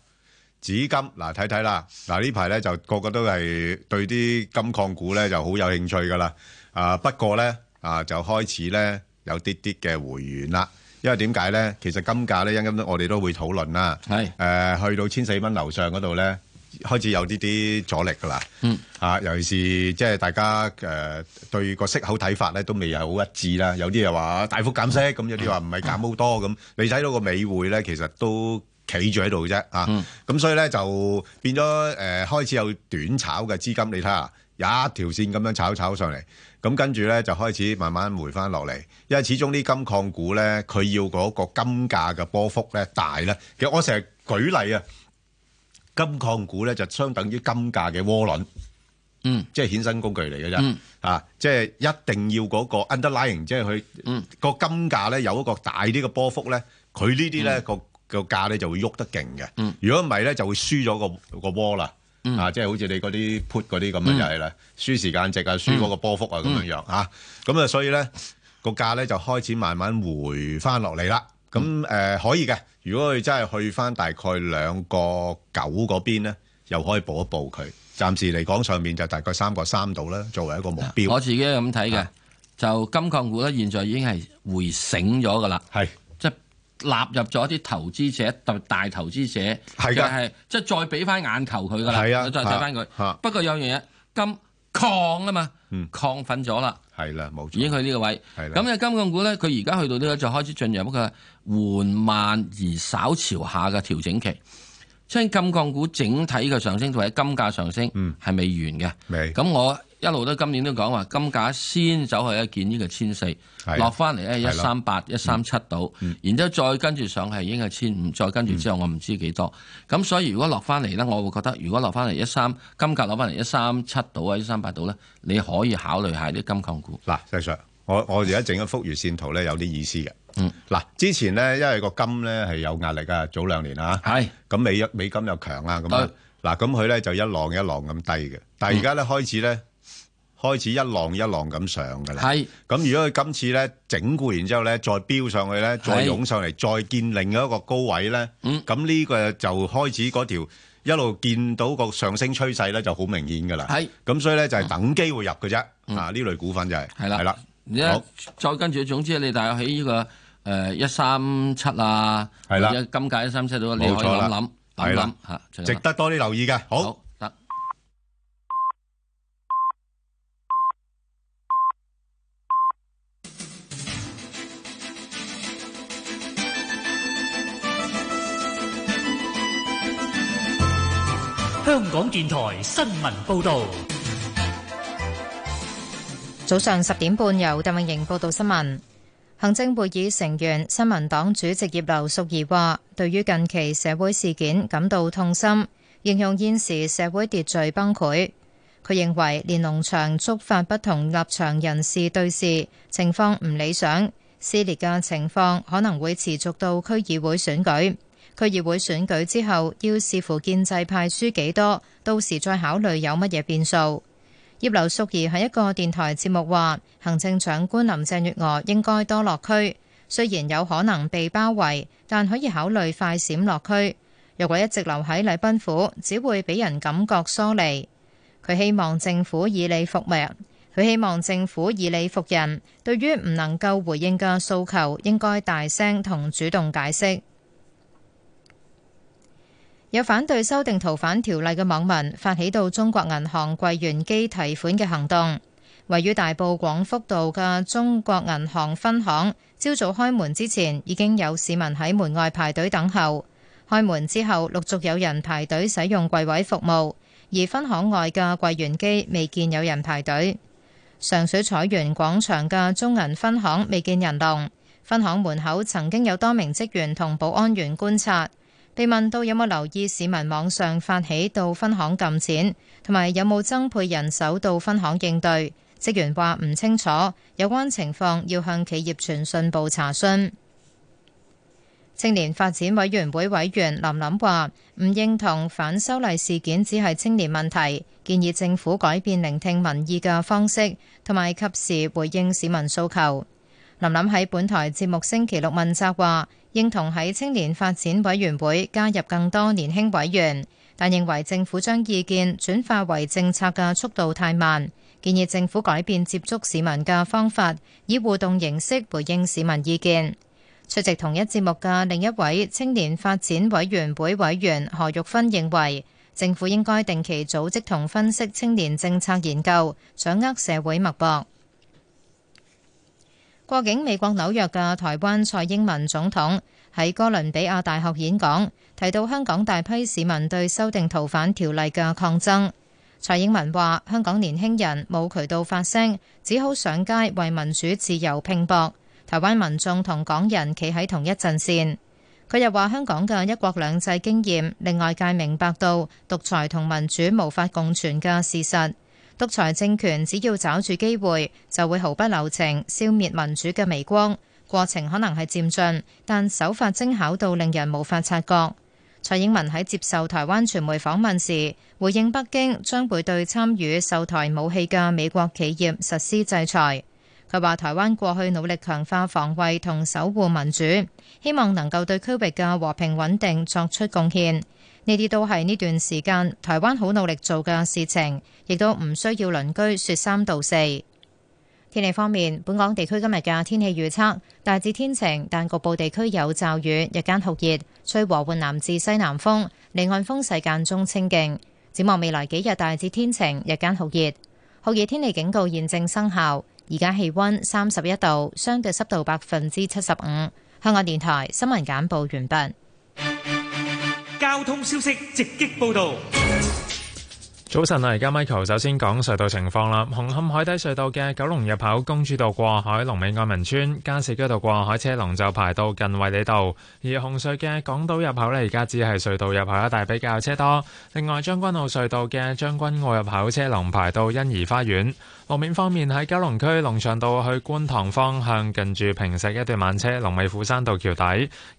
紫金嗱，睇睇啦，嗱呢排咧就個個都係對啲金礦股咧就好有興趣噶啦，啊不過咧啊就開始咧有啲啲嘅回軟啦，因為點解咧？其實金價咧，一陣間我哋都會討論啦，係誒去到千四蚊樓上嗰度咧，開始有啲啲阻力噶啦，嗯啊，尤其是即係大家誒對個息口睇法咧都未係好一致啦，有啲又話大幅減息，咁有啲話唔係減好多咁，你睇到個美匯咧，其實都企住喺度嘅啫，啊，咁所以咧就變咗誒，開始有短炒嘅資金，你睇下，有一條綫咁樣炒炒上嚟，咁跟住咧就開始慢慢回翻落嚟，因為始終啲金礦股咧，佢要嗰個金價嘅波幅咧大咧，其實我成日舉例啊，金礦股咧就相等於金價嘅渦輪，嗯，即係衍生工具嚟嘅啫，啊，即係一定要嗰個 underlying，即係佢個金價咧有一個大啲嘅波幅咧，佢呢啲咧個。個價咧就會喐得勁嘅，如果唔係咧就會輸咗個個窩啦，嗯、啊，即係好似你嗰啲 put 嗰啲咁樣就係啦，輸、嗯、時間值啊，輸嗰個波幅啊咁、嗯、樣樣吓，咁啊所以咧個價咧就開始慢慢回翻落嚟啦，咁誒、嗯呃、可以嘅，如果佢真係去翻大概兩個九嗰邊咧，又可以補一補佢，暫時嚟講上面就大概三個三度啦作為一個目標。我自己咁睇嘅，啊、就金礦股咧，現在已經係回升咗噶啦。係。納入咗一啲投資者，對大投資者，的就係即係再俾翻眼球佢㗎啦。係啊的，再睇翻佢。不過有樣嘢，金抗啦嘛，嗯、亢奮咗啦，係啦冇錯，已經去呢個位。係啦的，咁啊金礦股咧，佢而家去到呢、呢個，就開始進入一個緩慢而稍朝下嘅調整期。將金礦股整體嘅上升同埋金價上升係未完嘅，咁、嗯、我一路都今年都講話金價先走去一見呢個千四，落翻嚟咧一三八一三七度，嗯嗯、然之後再跟住上去係已經係千五，再跟住之後我唔知幾多。咁、嗯、所以如果落翻嚟呢，我會覺得如果落翻嚟一三金價落翻嚟一三七度啊一三八度呢，你可以考慮下啲金礦股。嗱，石 Sir，我我而家整個幅月線圖呢，有啲意思嘅。嗯，嗱，之前咧，因為個金咧係有壓力啊，早兩年啊，係，咁美一美金又強啦，咁啊，嗱，咁佢咧就一浪一浪咁低嘅，但係而家咧開始咧，開始一浪一浪咁上噶啦，係，咁如果佢今次咧整固完之後咧，再飆上去咧，再湧上嚟，再見另一個高位咧，嗯，咁呢個就開始嗰條一路見到個上升趨勢咧就好明顯噶啦，係，咁所以咧就係等機會入嘅啫，啊，呢類股份就係，係啦，係啦。你咧再跟住，總之你大約喺呢個誒一三七啊，或者今屆一三七度，你可以咁諗，咁諗嚇，值得多啲留意嘅。好，得。香港電台新聞報導。早上十點半，由鄧永盈報道新聞。行政會議成員、新民黨主席葉劉淑儀話，對於近期社會事件感到痛心，形容現時社會秩序崩潰。佢認為連儂牆，觸發不同立場人士對峙，情況唔理想，撕裂嘅情況可能會持續到區議會選舉。區議會選舉之後，要視乎建制派輸幾多，到時再考慮有乜嘢變數。葉劉淑儀喺一個電台節目話，行政長官林鄭月娥應該多落區，雖然有可能被包圍，但可以考慮快閃落區。若果一直留喺禮賓府，只會俾人感覺疏離。佢希望政府以理服命，佢希望政府以理服人。對於唔能夠回應嘅訴求，應該大聲同主動解釋。有反對修訂逃犯條例嘅網民發起到中國銀行櫃員機提款嘅行動。位於大埔廣福道嘅中國銀行分行，朝早開門之前已經有市民喺門外排隊等候。開門之後，陸續有人排隊使用櫃位服務，而分行外嘅櫃員機未見有人排隊。上水彩園廣場嘅中銀分行未見人龍，分行門口曾經有多名職員同保安員觀察。被問到有冇留意市民網上發起到分行撳錢，同埋有冇增配人手到分行應對，職員話，唔清楚，有關情況要向企業傳訊部查詢。青年發展委員會委員林林話：唔認同反修例事件只係青年問題，建議政府改變聆聽民意嘅方式，同埋及，及時回應市民訴求。林林喺本台節目星期六問責話。認同喺青年發展委員會加入更多年輕委員，但認為政府將意見轉化為政策嘅速度太慢，建議政府改變接觸市民嘅方法，以互動形式回應市民意見。出席同一節目嘅另一位青年發展委員會委員何玉芬認為，政府應該定期組織同分析青年政策研究，掌握社會脈搏。過境美國紐約嘅台灣蔡英文總統喺哥倫比亞大學演講，提到香港大批市民對修訂逃犯條例嘅抗爭。蔡英文話：香港年輕人冇渠道發聲，只好上街為民主自由拼搏。台灣民眾同港人企喺同一陣線。佢又話：香港嘅一國兩制經驗令外界明白到獨裁同民主無法共存嘅事實。獨裁政權只要找住機會，就會毫不留情消滅民主嘅微光。過程可能係漸進，但手法精巧到令人無法察覺。蔡英文喺接受台灣傳媒訪問時，回應北京將會對參與售台武器嘅美國企業實施制裁。佢話：台灣過去努力強化防衛同守護民主，希望能夠對區域嘅和平穩定作出貢獻。呢啲都係呢段時間台灣好努力做嘅事情，亦都唔需要鄰居說三道四。天氣方面，本港地區今日嘅天氣預測大致天晴，但局部地區有驟雨，日間酷熱，吹和緩南至西南風，離岸風勢間中清勁，展望未來幾日，大致天晴，日間酷熱，酷熱天氣警告現正生效。而家氣溫三十一度，相對濕度百分之七十五。香港電台新聞簡報完畢。交通消息直擊報道。早晨啊，而家 Michael 首先講隧道情況啦。紅磡海底隧道嘅九龍入口公主道過海，龍尾愛民村加士居道過海車龍就排到近衛理道。而紅隧嘅港島入口呢，而家只係隧道入口一帶比較車多。另外將軍澳隧道嘅將軍澳入口車龍排到欣怡花園。路面方面喺九龍區龍翔道去觀塘方向，近住平石一段慢車；龍尾虎山道橋底；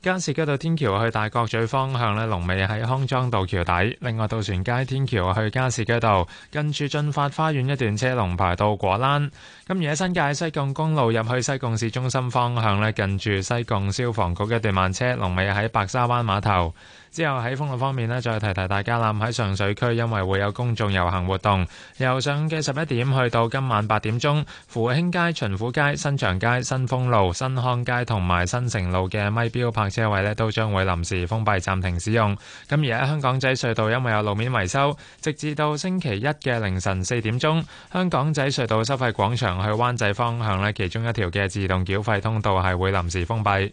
加士居道天橋去大角咀方向咧，龍尾喺康莊道橋底。另外，渡船街天橋去加士居道，近住駿發花園一段車龍排到果欄。今夜新界西貢公路入去西貢市中心方向咧，近住西貢消防局一段慢車，龍尾喺白沙灣碼頭。之後喺封路方面呢，再提提大家啦。喺上水區，因為會有公眾遊行活動，由上午嘅十一點去到今晚八點鐘，扶興街、巡撫街、新祥街、新豐路、新康街同埋新成路嘅咪標泊車位呢，都將會臨時封閉暫停使用。咁而喺香港仔隧道，因為有路面維修，直至到星期一嘅凌晨四點鐘，香港仔隧道收費廣場去灣仔方向呢，其中一條嘅自動繳費通道係會臨時封閉。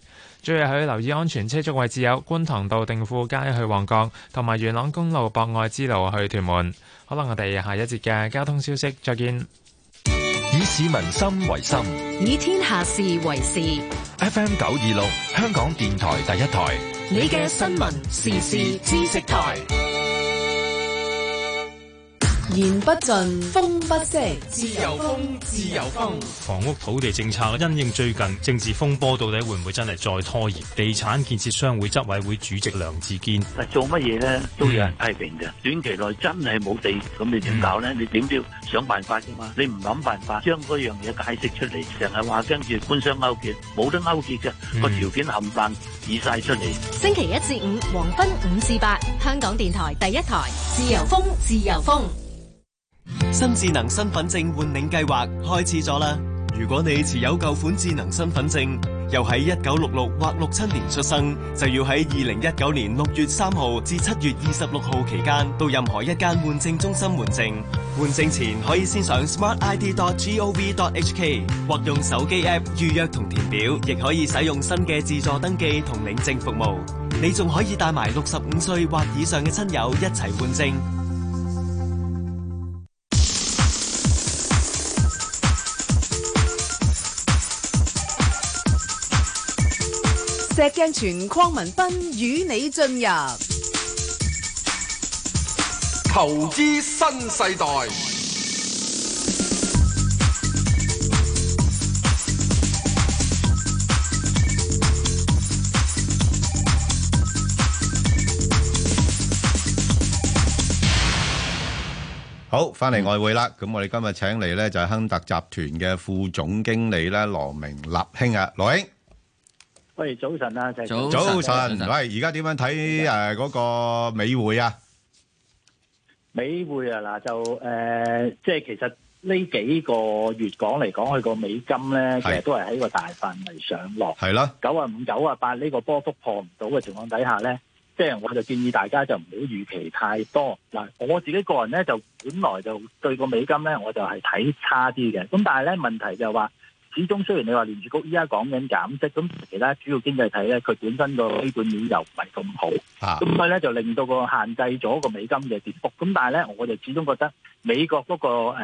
注意去留意安全車速位置有觀塘道、定富街去旺角，同埋元朗公路博愛之路去屯門。好啦，我哋下一節嘅交通消息再見。以市民心為心，以天下事為事。FM 九二六，香港電台第一台。你嘅新聞時事知識台。言不盡，風不息，自由風，自由風。房屋土地政策因應最近政治風波，到底會唔會真係再拖延？地產建設商會執委會主席梁志堅：但做乜嘢咧，都有人批評嘅。嗯、短期內真係冇地，咁你點搞咧？嗯、你點都要想辦法啫嘛。你唔諗辦法，將嗰樣嘢解釋出嚟，成日話跟住官商勾結，冇得勾結嘅，個條、嗯、件冚唪唥曬出嚟。星期一至五黃昏五至八，香港電台第一台，自由風，自由風。新智能身份證換領計劃開始咗啦！如果你持有舊款智能身份證，又喺一九六六或六七年出生，就要喺二零一九年六月三號至七月二十六號期間，到任何一間換證中心換證。換證前可以先上 smartid.gov.hk 或用手機 App 預約同填表，亦可以使用新嘅自助登記同領證服務。你仲可以帶埋六十五歲或以上嘅親友一齊換證。鏡泉鄺民彬，與你進入投資新世代。好，翻嚟外匯啦。咁、嗯、我哋今日請嚟呢就係亨達集團嘅副總經理咧羅明立興啊，羅英。喂，早晨啊！早早晨，喂，而家點樣睇誒嗰個美匯啊？美匯啊，嗱就誒，即係其實呢幾個月講嚟講去個美金咧，其實都係喺個大範圍上落。係啦，九啊五、九啊八呢個波幅破唔到嘅情況底下咧，即係我就建議大家就唔好預期太多。嗱，我自己個人咧就本來就對個美金咧，我就係睇差啲嘅。咁但係咧，問題就話。始終雖然你話聯儲局依家講緊減息，咁其他主要經濟體咧，佢本身個基本面又唔係咁好，咁所以咧就令到個限制咗個美金嘅跌幅。咁但係咧，我就始終覺得美國嗰個誒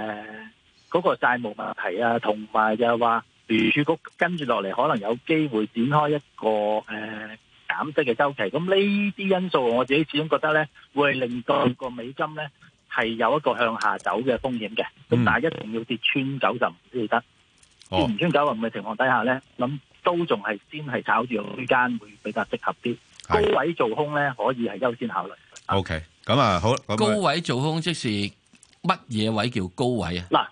嗰個債務問題啊，同埋就係話聯儲局跟住落嚟可能有機會展開一個誒減息嘅周期。咁呢啲因素我自己始終覺得咧，會令到個美金咧係有一個向下走嘅風險嘅。咁但係一定要跌穿九十就唔記得。喺唔穿九啊五嘅情況底下咧，諗都仲係先係炒住區間會比較適合啲，高位做空咧可以係優先考慮。O K。咁啊好，高位做空即是乜嘢位叫高位啊？嗱，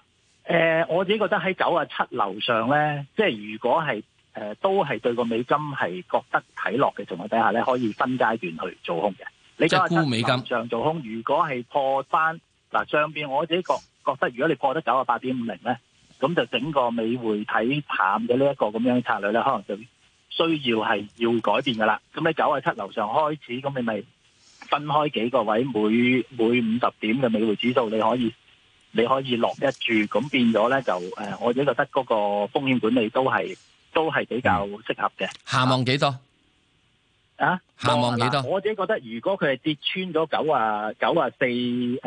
誒我自己覺得喺九啊七樓上咧，即係如果係誒都係對個美金係覺得睇落嘅情況底下咧，可以分階段去做空嘅。即係沽美金。上做空，如果係破翻嗱上邊，我自己覺覺得，如果你破得九啊八點五零咧。咁就整個美匯睇淡嘅呢一個咁樣策略咧，可能就需要係要改變噶啦。咁喺九啊七樓上開始，咁你咪分開幾個位，每每五十點嘅美匯指數，你可以你可以落一注，咁變咗咧就誒，我自己覺得嗰個風險管理都係都係比較適合嘅。下望幾多啊？下望幾多？我自己覺得，如果佢係跌穿咗九啊九啊四誒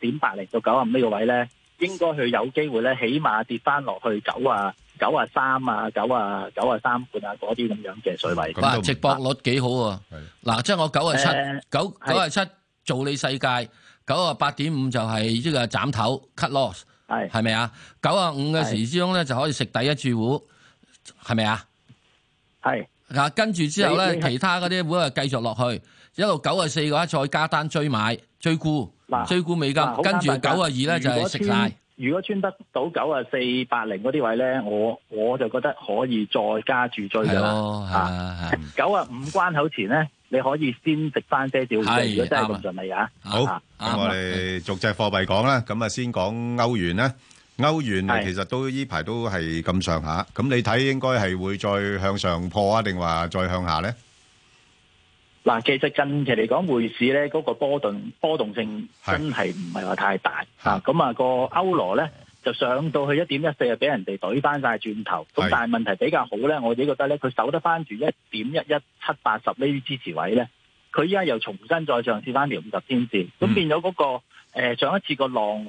點八零到九啊五呢個位咧。應該佢有機會咧，起碼跌翻落去九啊九啊三啊，九啊九啊三半啊嗰啲咁樣嘅水位。唔係，值博率幾好啊？嗱，即係我九啊七九九啊七做你世界，九啊八點五就係呢個斬頭 cut loss，係係咪啊？九啊五嘅時之中咧，就可以食第一注貨，係咪啊？係。嗱，跟住之後咧，其他嗰啲股啊繼續落去，一路九啊四嘅話，再加單追買追沽。最谷美金，跟住九啊二咧就係食晒。如果穿得到九啊四八零嗰啲位咧，我我就覺得可以再加注追咗啦。啊，九啊五關口前咧，你可以先食翻些少。如果真係咁順利啊，好，咁我哋逐隻貨幣講啦。咁啊，先講歐元咧，歐元其實都依排都係咁上下。咁你睇應該係會再向上破啊，定話再向下咧？嗱，其實近期嚟講，匯市咧嗰、那個波動波動性真係唔係話太大，咁啊的個歐羅咧就上到去一點一四，又俾人哋懟翻晒轉頭。咁的但係問題比較好咧，我自己覺得咧，佢守得翻住一點一一七八十呢啲支持位咧，佢依家又重新再上試翻條五十天線，咁變咗嗰、那個、嗯呃、上一次個浪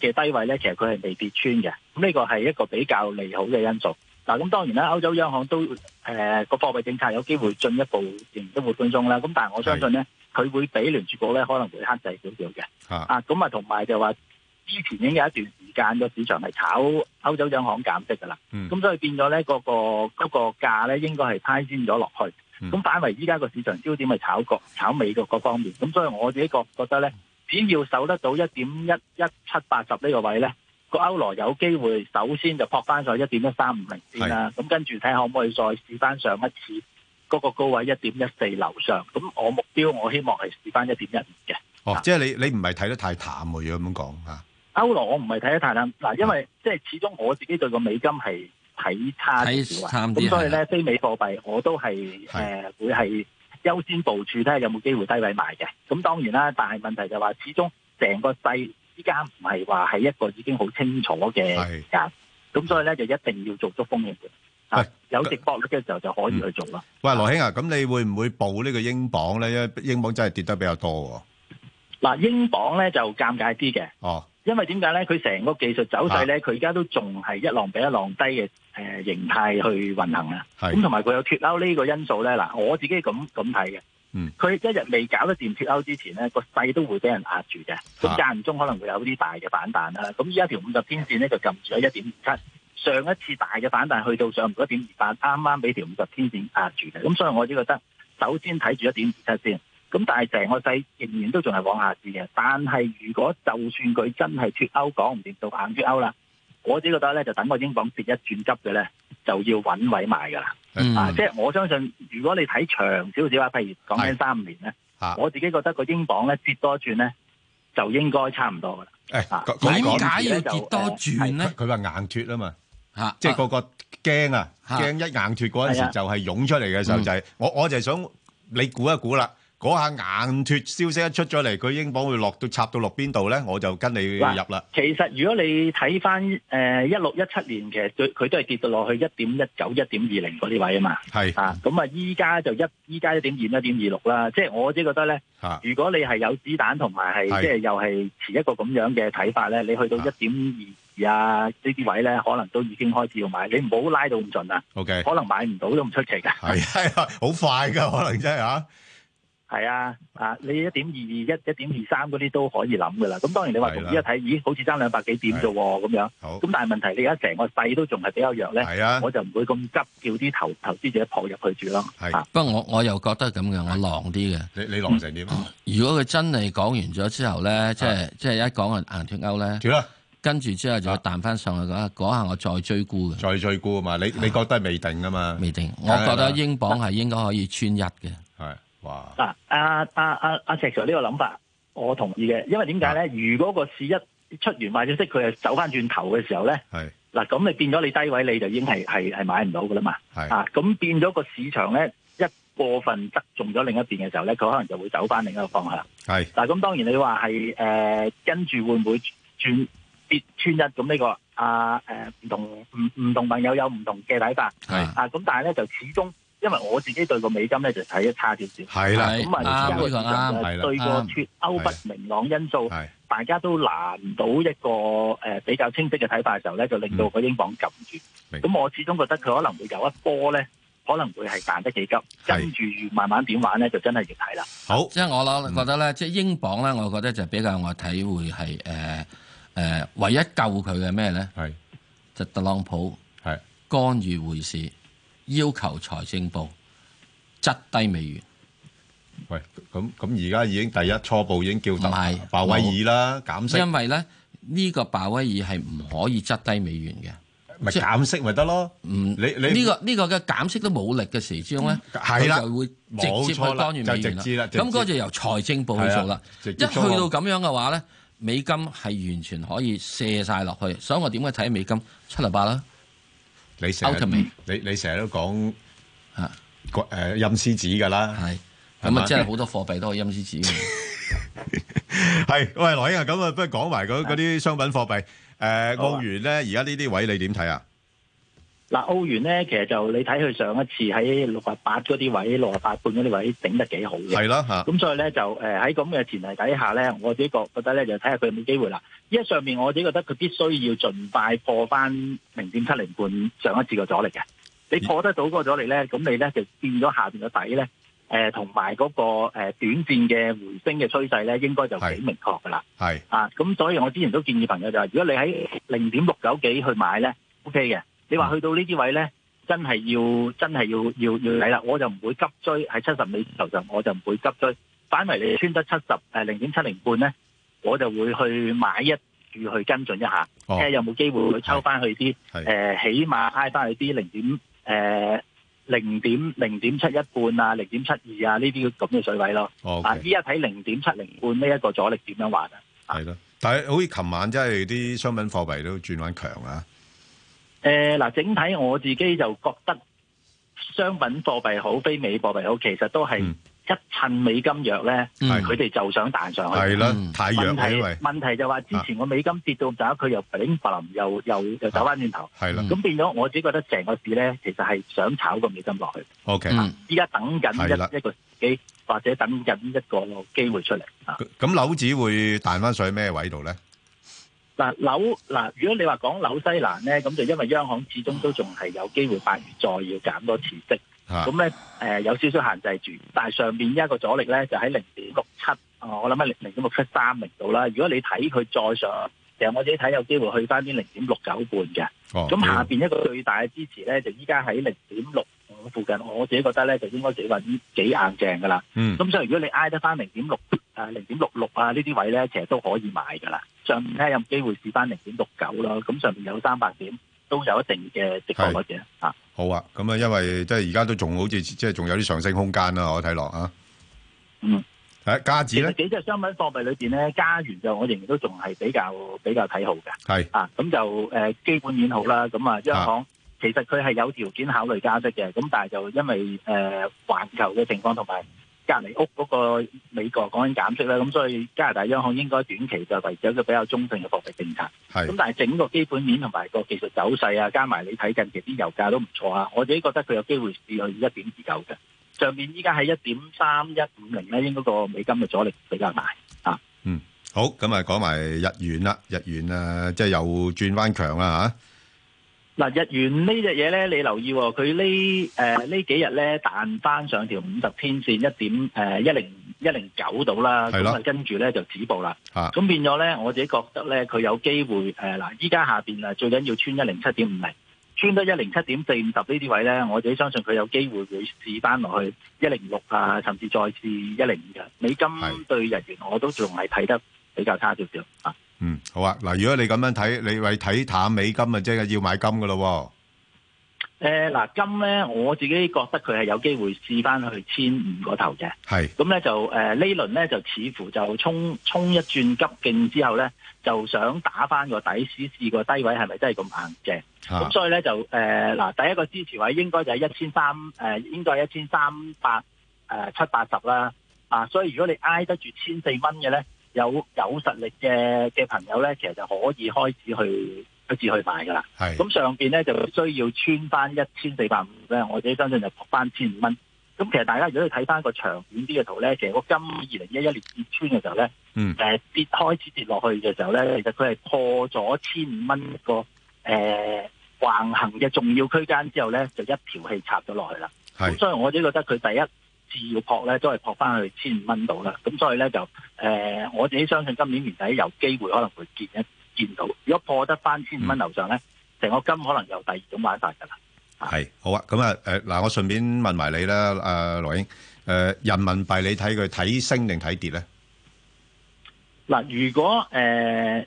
嘅低位咧，其實佢係未跌穿嘅，咁呢個係一個比較利好嘅因素。嗱，咁當然啦，歐洲央行都誒個、呃、貨幣政策有機會進一步仍都會寬鬆啦。咁但係我相信咧，佢是會比聯儲局咧可能會克制少少嘅。啊，咁啊同埋就話之前已經有一段時間個市場係炒歐洲央行減息㗎啦。咁、嗯、所以變咗咧、嗰個，嗰個個嗰價咧應該係攀升咗落去。咁、嗯、反為依家個市場焦點係炒國炒美個各方面。咁所以我自己覺覺得咧，只要守得到一點一一七八十呢個位咧。歐羅有機會首先就撲翻上一點一三五零先啦，咁跟住睇可唔可以再試翻上一次嗰，那個高位一點一四樓上，咁我目標我希望係試翻一點一五嘅。哦，即係你你唔係睇得太淡喎，如果咁講吓。歐羅我唔係睇得太淡，嗱是，因為即係始終我自己對個美金係睇差啲，咁所以咧非美貨幣我都係誒是、呃、會係優先部署睇下有冇機會低位買嘅。咁當然啦，但係問題就話始終成個勢。依家唔係話係一個已經好清楚嘅時間，咁是所以咧就一定要做足風險嘅，喂有直播率嘅時候就可以去做啦。喂，羅兄啊，咁你會唔會報呢個英鎊咧？因為英鎊真係跌得比較多。嗱，英鎊咧就尷尬啲嘅。哦，因為點解咧？佢成個技術走勢咧，佢而家都仲係一浪比一浪低嘅誒、呃、形態去運行啊。咁同埋佢有脫歐呢個因素咧。嗱，我自己咁咁睇嘅。佢、嗯、一日未搞到掂脱歐之前咧，個勢都會俾人壓住嘅，咁間唔中可能會有啲大嘅反彈啦。咁依家條五十天線咧就撳住咗一點二七，上一次大嘅反彈去到上唔到一點二八，啱啱俾條五十天線壓住嘅。咁所以我只覺得，首先睇住一點二七先。咁但係成個勢仍然都仲係往下跌嘅。但係如果就算佢真係脱歐，講唔掂到硬脱歐啦，我只覺得咧就等個英鎊跌一轉急嘅咧，就要搵位賣噶啦，啊！即係我相信，如果你睇長少少啊，譬如講緊三年咧，我自己覺得個英鎊咧跌多一轉咧，就應該差唔多噶啦。誒，點解要跌多轉咧？佢話硬脱啊嘛，嚇！即係個個驚啊，驚一硬脱嗰陣時就係湧出嚟嘅時候就係我我就係想你估一估啦。嗰下硬脱消息一出咗嚟，佢英鎊會落到插到落邊度咧？我就跟你入啦。其實如果你睇翻誒一六一七年，其實佢都係跌到落去一點一九、一點二零嗰啲位啊嘛。係啊，咁啊，依家就一依家一點二、一點二六啦。即係我自己覺得咧，如果你係有子彈同埋係即係又係持一個咁樣嘅睇法咧，你去到一點二二啊呢啲位咧，可能都已經開始要買。你唔好拉到咁盡啦。OK，可能買唔到都唔出奇㗎。係啊，好快㗎，可能真係嚇。係啊，啊你一點二二一、一點二三嗰啲都可以諗噶啦。咁當然你話從依家睇，咦好似爭兩百幾點啫，咁樣。好，咁但係問題你而家成個勢都仲係比較弱咧。係啊，我就唔會咁急叫啲投投資者撲入去住咯。係，不過我我又覺得咁嘅，我狼啲嘅。你你狼成點？如果佢真係講完咗之後咧，即係即係一講人硬脫歐咧，跟住之後就彈翻上去，講下我再追沽嘅。再追沽啊嘛？你你覺得未定啊嘛？未定，我覺得英鎊係應該可以穿一嘅。嗱，阿阿阿阿石 Sir 呢個諗法，我同意嘅，因為點解咧？啊、如果個市一出完賣消息，佢係走翻轉頭嘅時候咧，嗱咁你變咗你低位你就已經係係係買唔到㗎啦嘛，是啊，咁變咗個市場咧，一過分側重咗另一邊嘅時候咧，佢可能就會走翻另一個方向。係嗱是，咁、啊、當然你話係誒跟住會唔會轉跌穿一咁呢、呢個？阿誒唔同唔唔、呃、同朋友有唔同嘅睇法，係是啊咁，但係咧就始終。因為我自己對個美金咧就睇得差少少，係啦，咁啊，一個啱係啦，對個脱歐不明朗因素，係大家都拿唔到一個誒比較清晰嘅睇法嘅時候咧，就令到個英鎊撳住。明，咁我始終覺得佢可能會有一波咧，可能會係彈得幾急，跟住慢慢點玩咧，就真係要睇啦。好，即係我諗覺得咧，即係英鎊咧，我覺得就比較我體會係誒誒唯一救佢嘅咩咧，係就特朗普係干預回事。要求財政部質低美元。喂，咁咁而家已經第一初步已經叫得鮑威爾啦，減息是。因為咧呢、呢個鮑威爾係唔可以質低美元嘅，咪減息咪得咯？唔、嗯，你你呢、呢個呢、呢個嘅減息都冇力嘅時之中咧，佢、嗯、就會直接去當住美元。就啦。咁嗰就由財政部去做啦。接一去到咁樣嘅話咧，美金係完全可以卸晒落去。所以我點解睇美金七嚟八啦？你成日 Ultimate. 你你成日都講吓誒陰司紙㗎啦，咁啊真係好多貨幣都係陰司紙。係， 喂羅英啊，咁啊不如講埋嗰啲商品貨幣誒澳元咧，而家呢啲位你點睇啊？呃嗱，澳元咧，其實就你睇佢上一次喺六十八嗰啲位，六十八半嗰啲位頂得幾好嘅，係啦嚇。咁所以咧就誒喺咁嘅前提底下咧，我自己覺覺得咧就睇下佢有冇機會啦。因為上面，我自己覺得佢必須要盡快破翻零點七零半上一次嘅阻力嘅。你破得到嗰個阻力咧，咁你咧就變咗下面嘅底咧，誒同埋嗰個短線嘅回升嘅趨勢咧，應該就幾明確噶啦。係啊，咁所以我之前都建議朋友就係如果你喺零點六九幾去買咧，O K 嘅。OK 你話去到呢啲位咧，真係要，真係要，要，要係啦，我就唔會急追喺七十美字頭上，我就唔會急追。反為你穿得七十，誒零點七零半咧，我就會去買一注去跟進一下，睇下有冇機會去抽翻去啲誒，起碼挨翻去啲零點誒零點零點七一半啊，零點七二啊，呢啲咁嘅水位咯。哦，啊，依家睇零點七零半呢一個阻力點樣話啊？係咯，但係好似琴晚真係啲商品貨幣都轉翻強啊。誒，嗱，整體我自己就覺得商品貨幣好，非美貨幣好，其實都係一襯美金弱咧，佢哋就想彈上去。係啦，太弱啦。問題，問題就話之前個美金跌到咁渣，佢又頂拔林，又又又走翻轉頭。係啦。咁變咗，我自己覺得成個市咧，其實係想炒個美金落去。OK。啊，依家等緊一一個時機，或者等緊一個機會出嚟。啊，咁樓指會彈翻上去咩位度咧？嗱樓嗱，如果你話講紐西蘭咧，咁就因為央行始終都仲係有機會八月再要減多次息，咁咧誒有少少限制住。但係上邊一個阻力咧，就喺零點六七，我諗喺零零點六七三零度啦。如果你睇佢再上，其實我自己睇有機會去翻啲零點六九半嘅。咁下邊一個最大嘅支持咧，就依家喺零點六。附近我自己覺得咧，就應該幾運幾硬正噶啦。咁、嗯、所以如果你挨得翻零點六啊、零點六六啊呢啲位咧，其實都可以買噶啦。上面咧有機會試翻零點六九咯。咁上面有三百點，都有一定嘅值幅嗰隻啊。好啊，咁啊，因為即係而家都仲好似即係仲有啲上升空間啦。我睇落啊，嗯，啊，加紙咧，幾隻商品貨幣裏邊咧，加元就我仍然都仲係比較比較睇好嘅。係是啊，咁就誒、呃、基本面好啦。咁啊，央行、啊。其實佢係有條件考慮加息嘅，咁但係就因為誒環球嘅情況同埋隔籬屋嗰個美國講緊減息咧，咁所以加拿大央行應該短期就維持一個比較中性嘅貨幣政策。係咁，但係整個基本面同埋個技術走勢啊，加埋你睇近期啲油價都唔錯啊，我自己覺得佢有機會試去一點二九嘅。上面依家係一點三一五零咧，應該個美金嘅阻力比較大啊。嗯，好，咁啊講埋日元啦，日元啊即係又轉返強啦吓。嗱，日元呢隻嘢咧，你留意佢、哦呃、呢，誒呢幾日咧彈翻上條五十天線一點誒一零一零九度啦，咁啊跟住咧就止步啦。咁、啊、變咗咧，我自己覺得咧，佢有機會誒嗱，依、呃、家下邊啊最緊要穿一零七點五零，穿到一零七點四五十呢啲位咧，我自己相信佢有機會會試翻落去一零六啊，甚至再次一零五嘅美金對日元我都仲係睇得比較差少少啊。嗯，好啊，嗱，如果你咁樣睇，你為睇淡美金啊，即係要買金噶咯？誒，嗱，金咧，我自己覺得佢係有機會試翻去千五個頭嘅。係是，咁咧就誒、呃、呢輪咧就似乎就衝衝一轉急勁之後咧，就想打翻個底，試試個低位係咪真係咁硬嘅。咁、啊、所以咧就誒嗱、呃，第一個支持位應該就係一千三，誒應該係一千三百誒七八十啦。啊，所以如果你挨得住千四蚊嘅咧，有有實力嘅嘅朋友咧，其實就可以開始去開始去買噶啦。咁是上邊咧就需要穿翻一千四百五咧，我自己相信就破翻千五蚊。咁其實大家如果你睇翻個長遠啲嘅圖咧，其實個金二零一一年跌穿嘅時候咧，誒跌、嗯呃、開始跌落去嘅時候咧，其實佢係破咗千五蚊個誒橫行嘅重要區間之後咧，就一條氣插咗落去啦。係是，所以我只覺得佢第一。要撲咧都係撲翻去千五蚊度啦，咁所以咧就誒、呃、我自己相信今年年底有機會可能會見一見到，如果撲得翻千五蚊樓上咧，成、嗯、個金可能又第二種玩法噶啦。係好啊，咁啊誒嗱，我順便問埋你啦，阿、呃、羅英誒、呃、人民幣你睇佢睇升定睇跌咧？嗱、呃，如果誒、呃、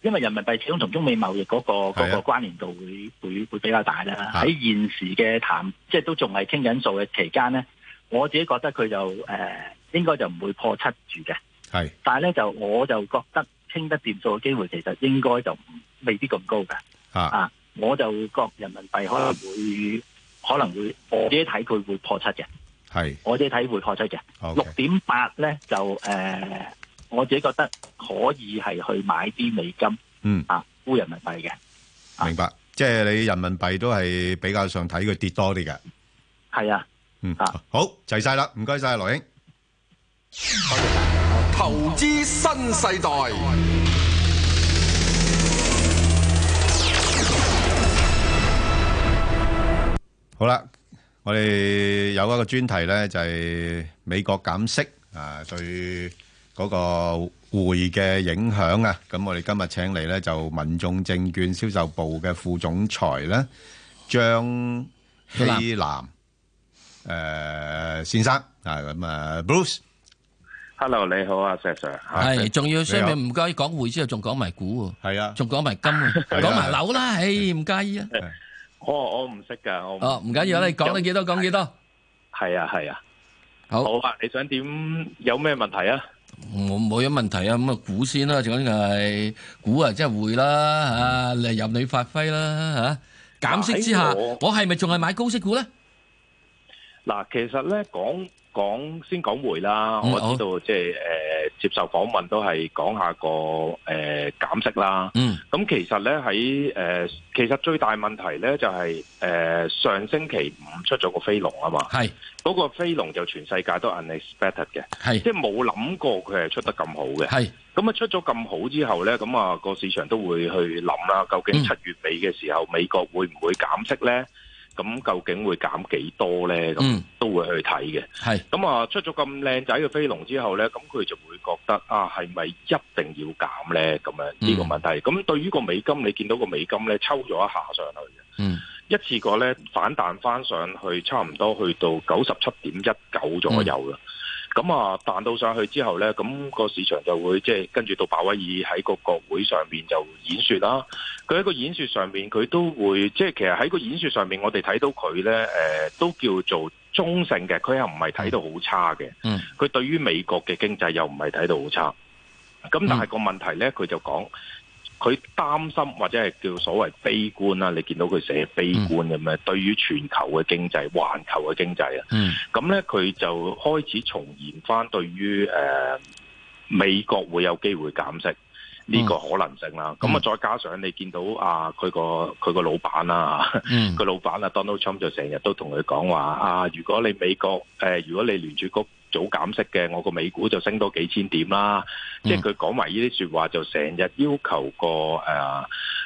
因為人民幣始終同中美貿易嗰、那個嗰、啊、個關聯度會會會比較大啦，喺、啊、現時嘅談即係都仲係傾緊數嘅期間咧。我自己覺得佢就誒、呃、應該就唔會破七住嘅，係是。但係咧就我就覺得傾得掂數嘅機會其實應該就唔未必咁高嘅，啊啊！我就覺得人民幣可能會、嗯、可能會我自己睇佢會破七嘅，係。我自己睇會破七嘅，六點八咧就誒、呃、我自己覺得可以係去買啲美金，嗯啊，沽人民幣嘅。明白，啊、即係你人民幣都係比較想睇佢跌多啲嘅，係啊。嗯啊，好，齊晒啦，唔該晒羅英。投資新世代，好啦，我哋有一個專題呢，就係美國減息啊，對嗰個匯嘅影響啊。咁我哋今日請嚟呢，就民眾證券銷售部嘅副總裁咧，張希南。誒，先生啊，咁啊，Bruce，Hello，你好啊，石 Sir，係，仲要雖然唔該講匯之後，仲講埋股，係啊，仲講埋金，講埋樓啦，誒，唔介意啊？我我唔識噶，我哦，唔緊要，你講得幾多講幾多，係啊係啊，好，好啊，你想點？有咩問題啊？我冇咩問題啊，咁啊，股先啦，最緊要係股啊，即係匯啦，吓你由你發揮啦，吓減息之下，我係咪仲係買高息股咧？嗱，其實咧講講先講回啦，嗯、我知道即係誒接受訪問都係講下個誒、呃、減息啦。嗯，咁其實咧喺誒其實最大問題咧就係、是、誒、呃、上星期五出咗個飛龍啊嘛，嗰是個飛龍就全世界都 unexpected 嘅，係是即係冇諗過佢係出得咁好嘅，咁啊是出咗咁好之後咧，咁、那、啊個市場都會去諗啦，究竟七月尾嘅時候美國會唔會減息咧？嗯嗯。咁究竟會減幾多呢？咁、嗯、都會去睇嘅。係咁啊！出咗咁靚仔嘅飛龍之後呢，咁佢就會覺得啊，係咪一定要減呢？咁樣呢個問題。咁、嗯、對於個美金，你見到個美金呢，抽咗一下上去嘅，嗯、一次過呢，反彈翻上去，差唔多去到九十七點一九左右啦。嗯咁啊，彈到上去之後呢，咁個市場就會即係跟住到鮑威爾喺個國會上面就演說啦。佢喺個演說上面，佢都會即係其實喺個演說上面，我哋睇到佢呢誒都叫做中性嘅。佢又唔係睇到好差嘅。嗯，佢對於美國嘅經濟又唔係睇到好差。咁但係個問題呢，佢就講。佢擔心或者係叫所謂悲觀啦，你見到佢寫悲觀嘅咩？嗯、對於全球嘅經濟、環球嘅經濟啊，咁咧佢就開始重現返對於誒、呃、美國會有機會減息呢個可能性啦。咁啊、嗯，再加上你見到啊佢個佢個老闆啦，佢、嗯、 老闆啊 Donald Trump 就成日都同佢講話啊，如果你美國誒、呃，如果你聯儲局早減息嘅，我個美股就升多幾千點啦。即係佢講埋呢啲說話，就成日要求個誒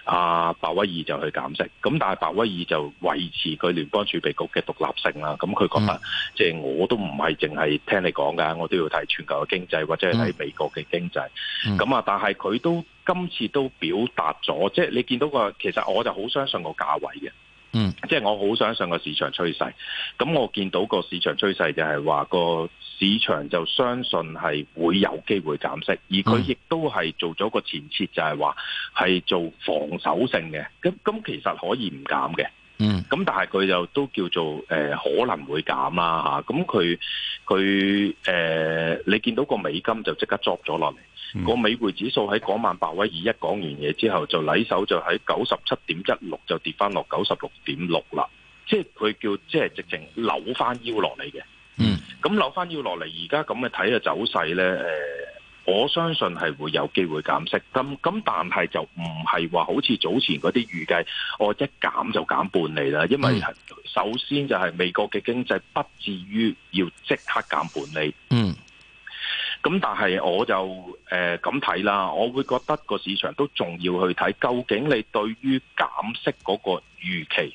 阿鮑威爾就去減息。咁但係鮑威爾就維持佢聯邦儲備局嘅獨立性啦。咁佢覺得，嗯、即係我都唔係淨係聽你講㗎，我都要睇全球嘅經濟或者係睇美國嘅經濟。咁啊、嗯，但係佢都今次都表達咗，即係你見到個其實我就好相信個價位嘅。嗯，即係我好相信個市場趨勢，咁我見到個市場趨勢就係話個市場就相信係會有機會減息，而佢亦都係做咗個前設就係話係做防守性嘅，咁咁其實可以唔減嘅，嗯，咁但係佢又都叫做、呃、可能會減啦嚇，咁佢佢、呃、你見到個美金就即刻作咗落嚟。個、嗯、美匯指數喺嗰晚白威爾一講完嘢之後，就禮手就喺九十七點一六就跌翻落九十六點六啦。即係佢叫即係直情扭翻腰落嚟嘅。嗯，咁扭翻腰落嚟，而家咁嘅睇嘅走勢咧，誒，我相信係會有機會減息。咁咁，但係就唔係話好似早前嗰啲預計，我一減就減半厘啦。因為、嗯、首先就係美國嘅經濟不至於要即刻減半厘。嗯。咁但係我就誒咁睇啦，我會覺得個市場都仲要去睇，究竟你對於減息嗰個預期。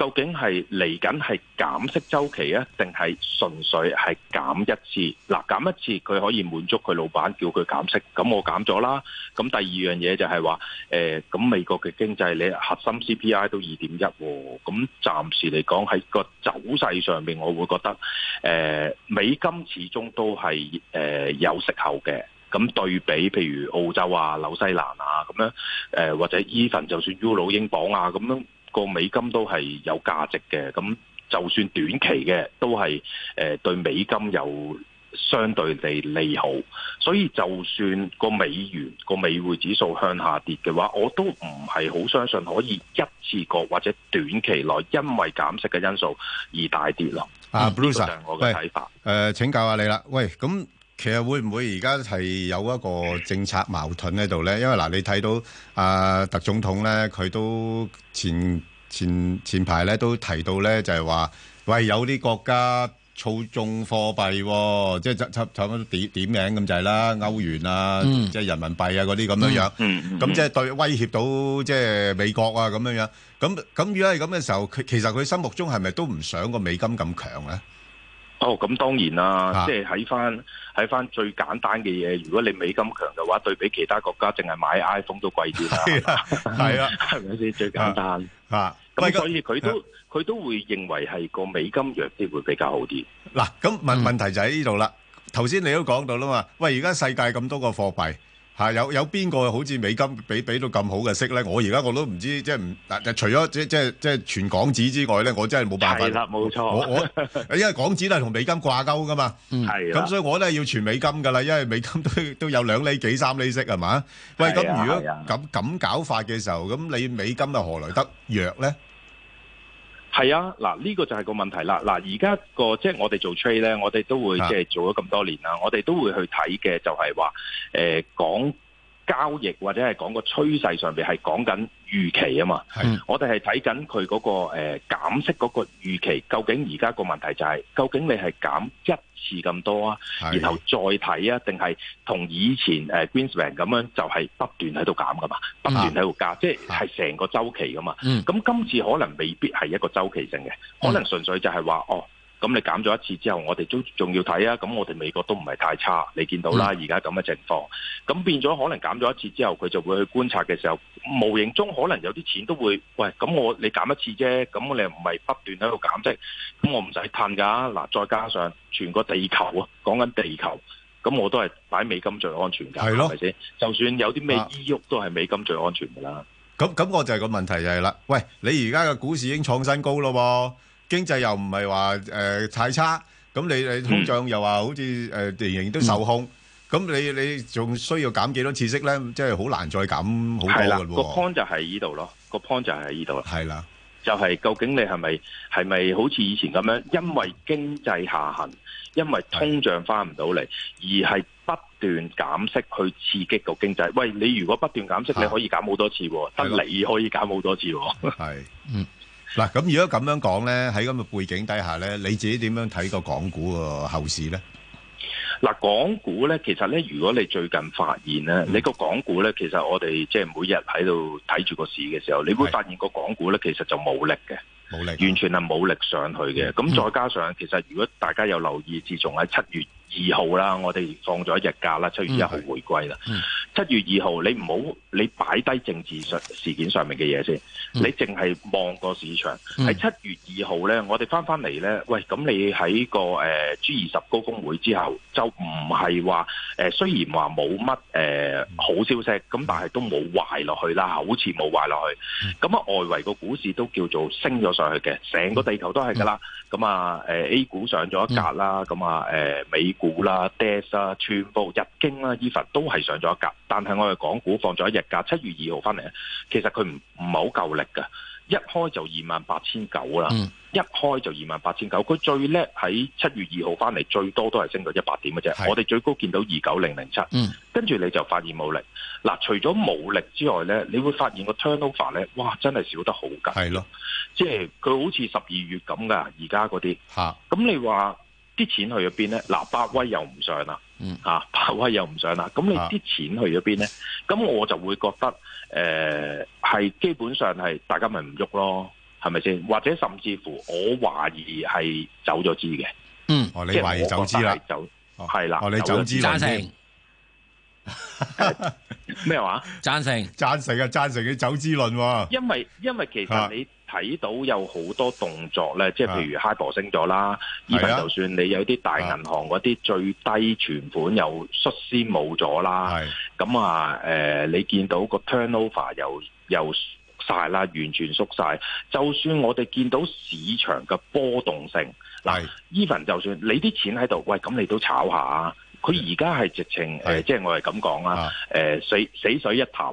究竟係嚟緊係減息周期啊，定係純粹係減一次？嗱，減一次佢可以滿足佢老闆叫佢減息，咁我減咗啦。咁第二樣嘢就係話，誒、呃、咁美國嘅經濟你核心 CPI 都二點一喎，咁暫時嚟講喺個走勢上面，我會覺得誒、呃、美金始終都係誒、呃、有息口嘅。咁對比譬如澳洲啊、紐西蘭啊咁樣誒、呃、或者 even 就算 Euro 英鎊啊咁樣個美金都係有價值嘅，咁就算短期嘅都係，誒、呃、對美金有相對地利好，所以就算個美元個美匯指數向下跌嘅話，我都唔係好相信可以一次過或者短期內因為減息嘅因素而大跌咯。啊 Bruce，我嘅睇法，喂，誒、呃，請教下你啦，喂，咁。其實會唔會而家係有一個政策矛盾喺度咧？因為嗱，你睇到啊，特總統咧，佢都前前前排咧都提到咧，就係、是、話喂，有啲國家操縱貨幣、哦，即係執執執乜點點名咁就係啦，歐元啊，嗯、即係人民幣啊嗰啲咁樣樣，咁即係對威脅到即係美國啊咁樣樣。咁咁如果係咁嘅時候，佢其實佢心目中係咪都唔想個美金咁強咧？哦，咁當然啦，啊、即係喺翻喺翻最簡單嘅嘢，如果你美金強嘅話，對比其他國家，淨係買 iPhone 都貴啲啦，係啊，係咪先最簡單？啊，咁、啊、所以佢都佢、啊、都會認為係個美金弱啲會比較好啲。嗱，咁問問題就喺呢度啦。頭先、嗯、你都講到啦嘛，喂，而家世界咁多個貨幣。啊！有有邊個好似美金俾俾到咁好嘅息咧？我而家我都唔知，即唔除咗即即即存港紙之外咧，我真係冇辦法。啦，冇錯我我 因為港紙都係同美金掛鈎噶嘛，係咁的、嗯、所以我都要存美金噶啦，因為美金都都有兩厘幾三厘息係嘛？的喂，咁如果咁咁的搞法嘅時候，咁你美金又何來得弱咧？係啊，嗱、這、呢個就係個問題啦。嗱，而家個即係我哋做 trade 咧，我哋都會即係做咗咁多年啦。我哋都會去睇嘅就係話，誒、呃、講交易或者係講個趨勢上面係講緊預期啊嘛。嗯、我哋係睇緊佢嗰個誒、呃、減息嗰個預期，究竟而家個問題就係、是、究竟你係減一？次咁多啊，然後再睇啊，定係同以前誒、呃、Greenspan 咁樣，就係、是、不斷喺度減噶嘛，不斷喺度加，嗯、即係係成個周期噶嘛。咁今、嗯、次可能未必係一個周期性嘅，可能純粹就係話、嗯、哦。咁你減咗一次之後，我哋都仲要睇啊！咁我哋美國都唔係太差，你見到啦，而家咁嘅情況。咁變咗可能減咗一次之後，佢就會去觀察嘅時候，無形中可能有啲錢都會，喂，咁我你減一次啫，咁你又唔係不斷喺度減息，咁我唔使褪㗎。嗱，再加上全個地球啊，講緊地球，咁我都係擺美金最安全㗎，係咯的，係咪先？就算有啲咩依郁都係美金最安全㗎啦。咁咁、啊，我就係個問題就係、係、啦，喂，你而家嘅股市已經創新高咯喎！經濟又唔係話誒太差，咁你你通脹又話好似誒仍然都受控，咁、嗯、你你仲需要減幾多次息咧？即係好難再減好多嘅、啊個 point 就喺依度咯，個 point 就喺依度啦。係啦的，就係究竟你係咪係咪好似以前咁樣？因為經濟下行，因為通脹翻唔到嚟，是的而係不斷減息去刺激個經濟。喂，你如果不斷減息，的你可以減好多次喎，得的你可以減好多次喎。嗯。嗱，咁如果咁樣講呢，喺咁嘅背景底下呢，你自己點樣睇個港股個後市呢？嗱，港股呢，其實呢，如果你最近發現呢，嗯、你個港股呢，其實我哋即係每日喺度睇住個市嘅時候，你會發現個港股呢，其實就冇力嘅，冇力是，完全係冇力、力、力上去嘅。咁再加上，嗯、其實如果大家有留意，自從喺七月。二號啦，我哋放咗一日假啦，七、嗯、月一號回歸啦。七月二號，你唔好你擺低政治上事件上面嘅嘢先，嗯、你淨係望個市場。喺七、嗯、月二號呢，我哋翻翻嚟呢。喂，咁你喺個誒 G 二十高峰會之後，就唔係話誒雖然話冇乜誒好消息，咁但係都冇壞落去啦，好似冇壞落去。咁啊、嗯，外圍個股市都叫做升咗上去嘅，成個地球都係噶啦。咁啊、嗯、A 股上咗一格啦，咁啊、嗯，誒美股啦、DAX 啦、全部日經啦、even 都係上咗一格，但係我哋港股放咗一日假。七月二號翻嚟，其實佢唔唔係好夠力噶，一開就二萬八千九啦，嗯、一開就二萬八千九。佢最叻喺七月二號翻嚟，最多都係升到一百點嘅啫。是我哋最高見到二九零零七，跟住你就發現冇力。嗱、啊，除咗冇力之外咧，你會發現個 turnover 咧，哇，真係少得好是的是好緊。係咯，即係佢好似十二月咁噶，而家嗰啲嚇。咁你話？啲錢去咗邊咧？嗱、啊，百威又唔上啦，吓、嗯，百、啊、威又唔上啦。咁你啲錢去咗邊咧？咁我就會覺得，誒、啊，係、呃、基本上係大家咪唔喐咯，係咪先？或者甚至乎我懷疑係走咗資嘅。嗯，哦，你懷疑走資啦？走、啊，係啦的，哦、啊，你走資論贊成？咩話、 啊？贊成？贊成啊！贊成嘅走資論、啊。因為因為其實你。啊睇到有好多動作咧，即係譬如 HIBOR 升咗啦，even 就算你有啲大銀行嗰啲、啊、最低存款又率先冇咗啦，咁是啊、呃、你見到個 turnover 又又縮曬啦，完全縮晒。就算我哋見到市場嘅波動性，嗱，even 是就算你啲錢喺度，喂，咁你都炒下佢，而家係直情是、呃、即係我係咁講啦，死死水一潭。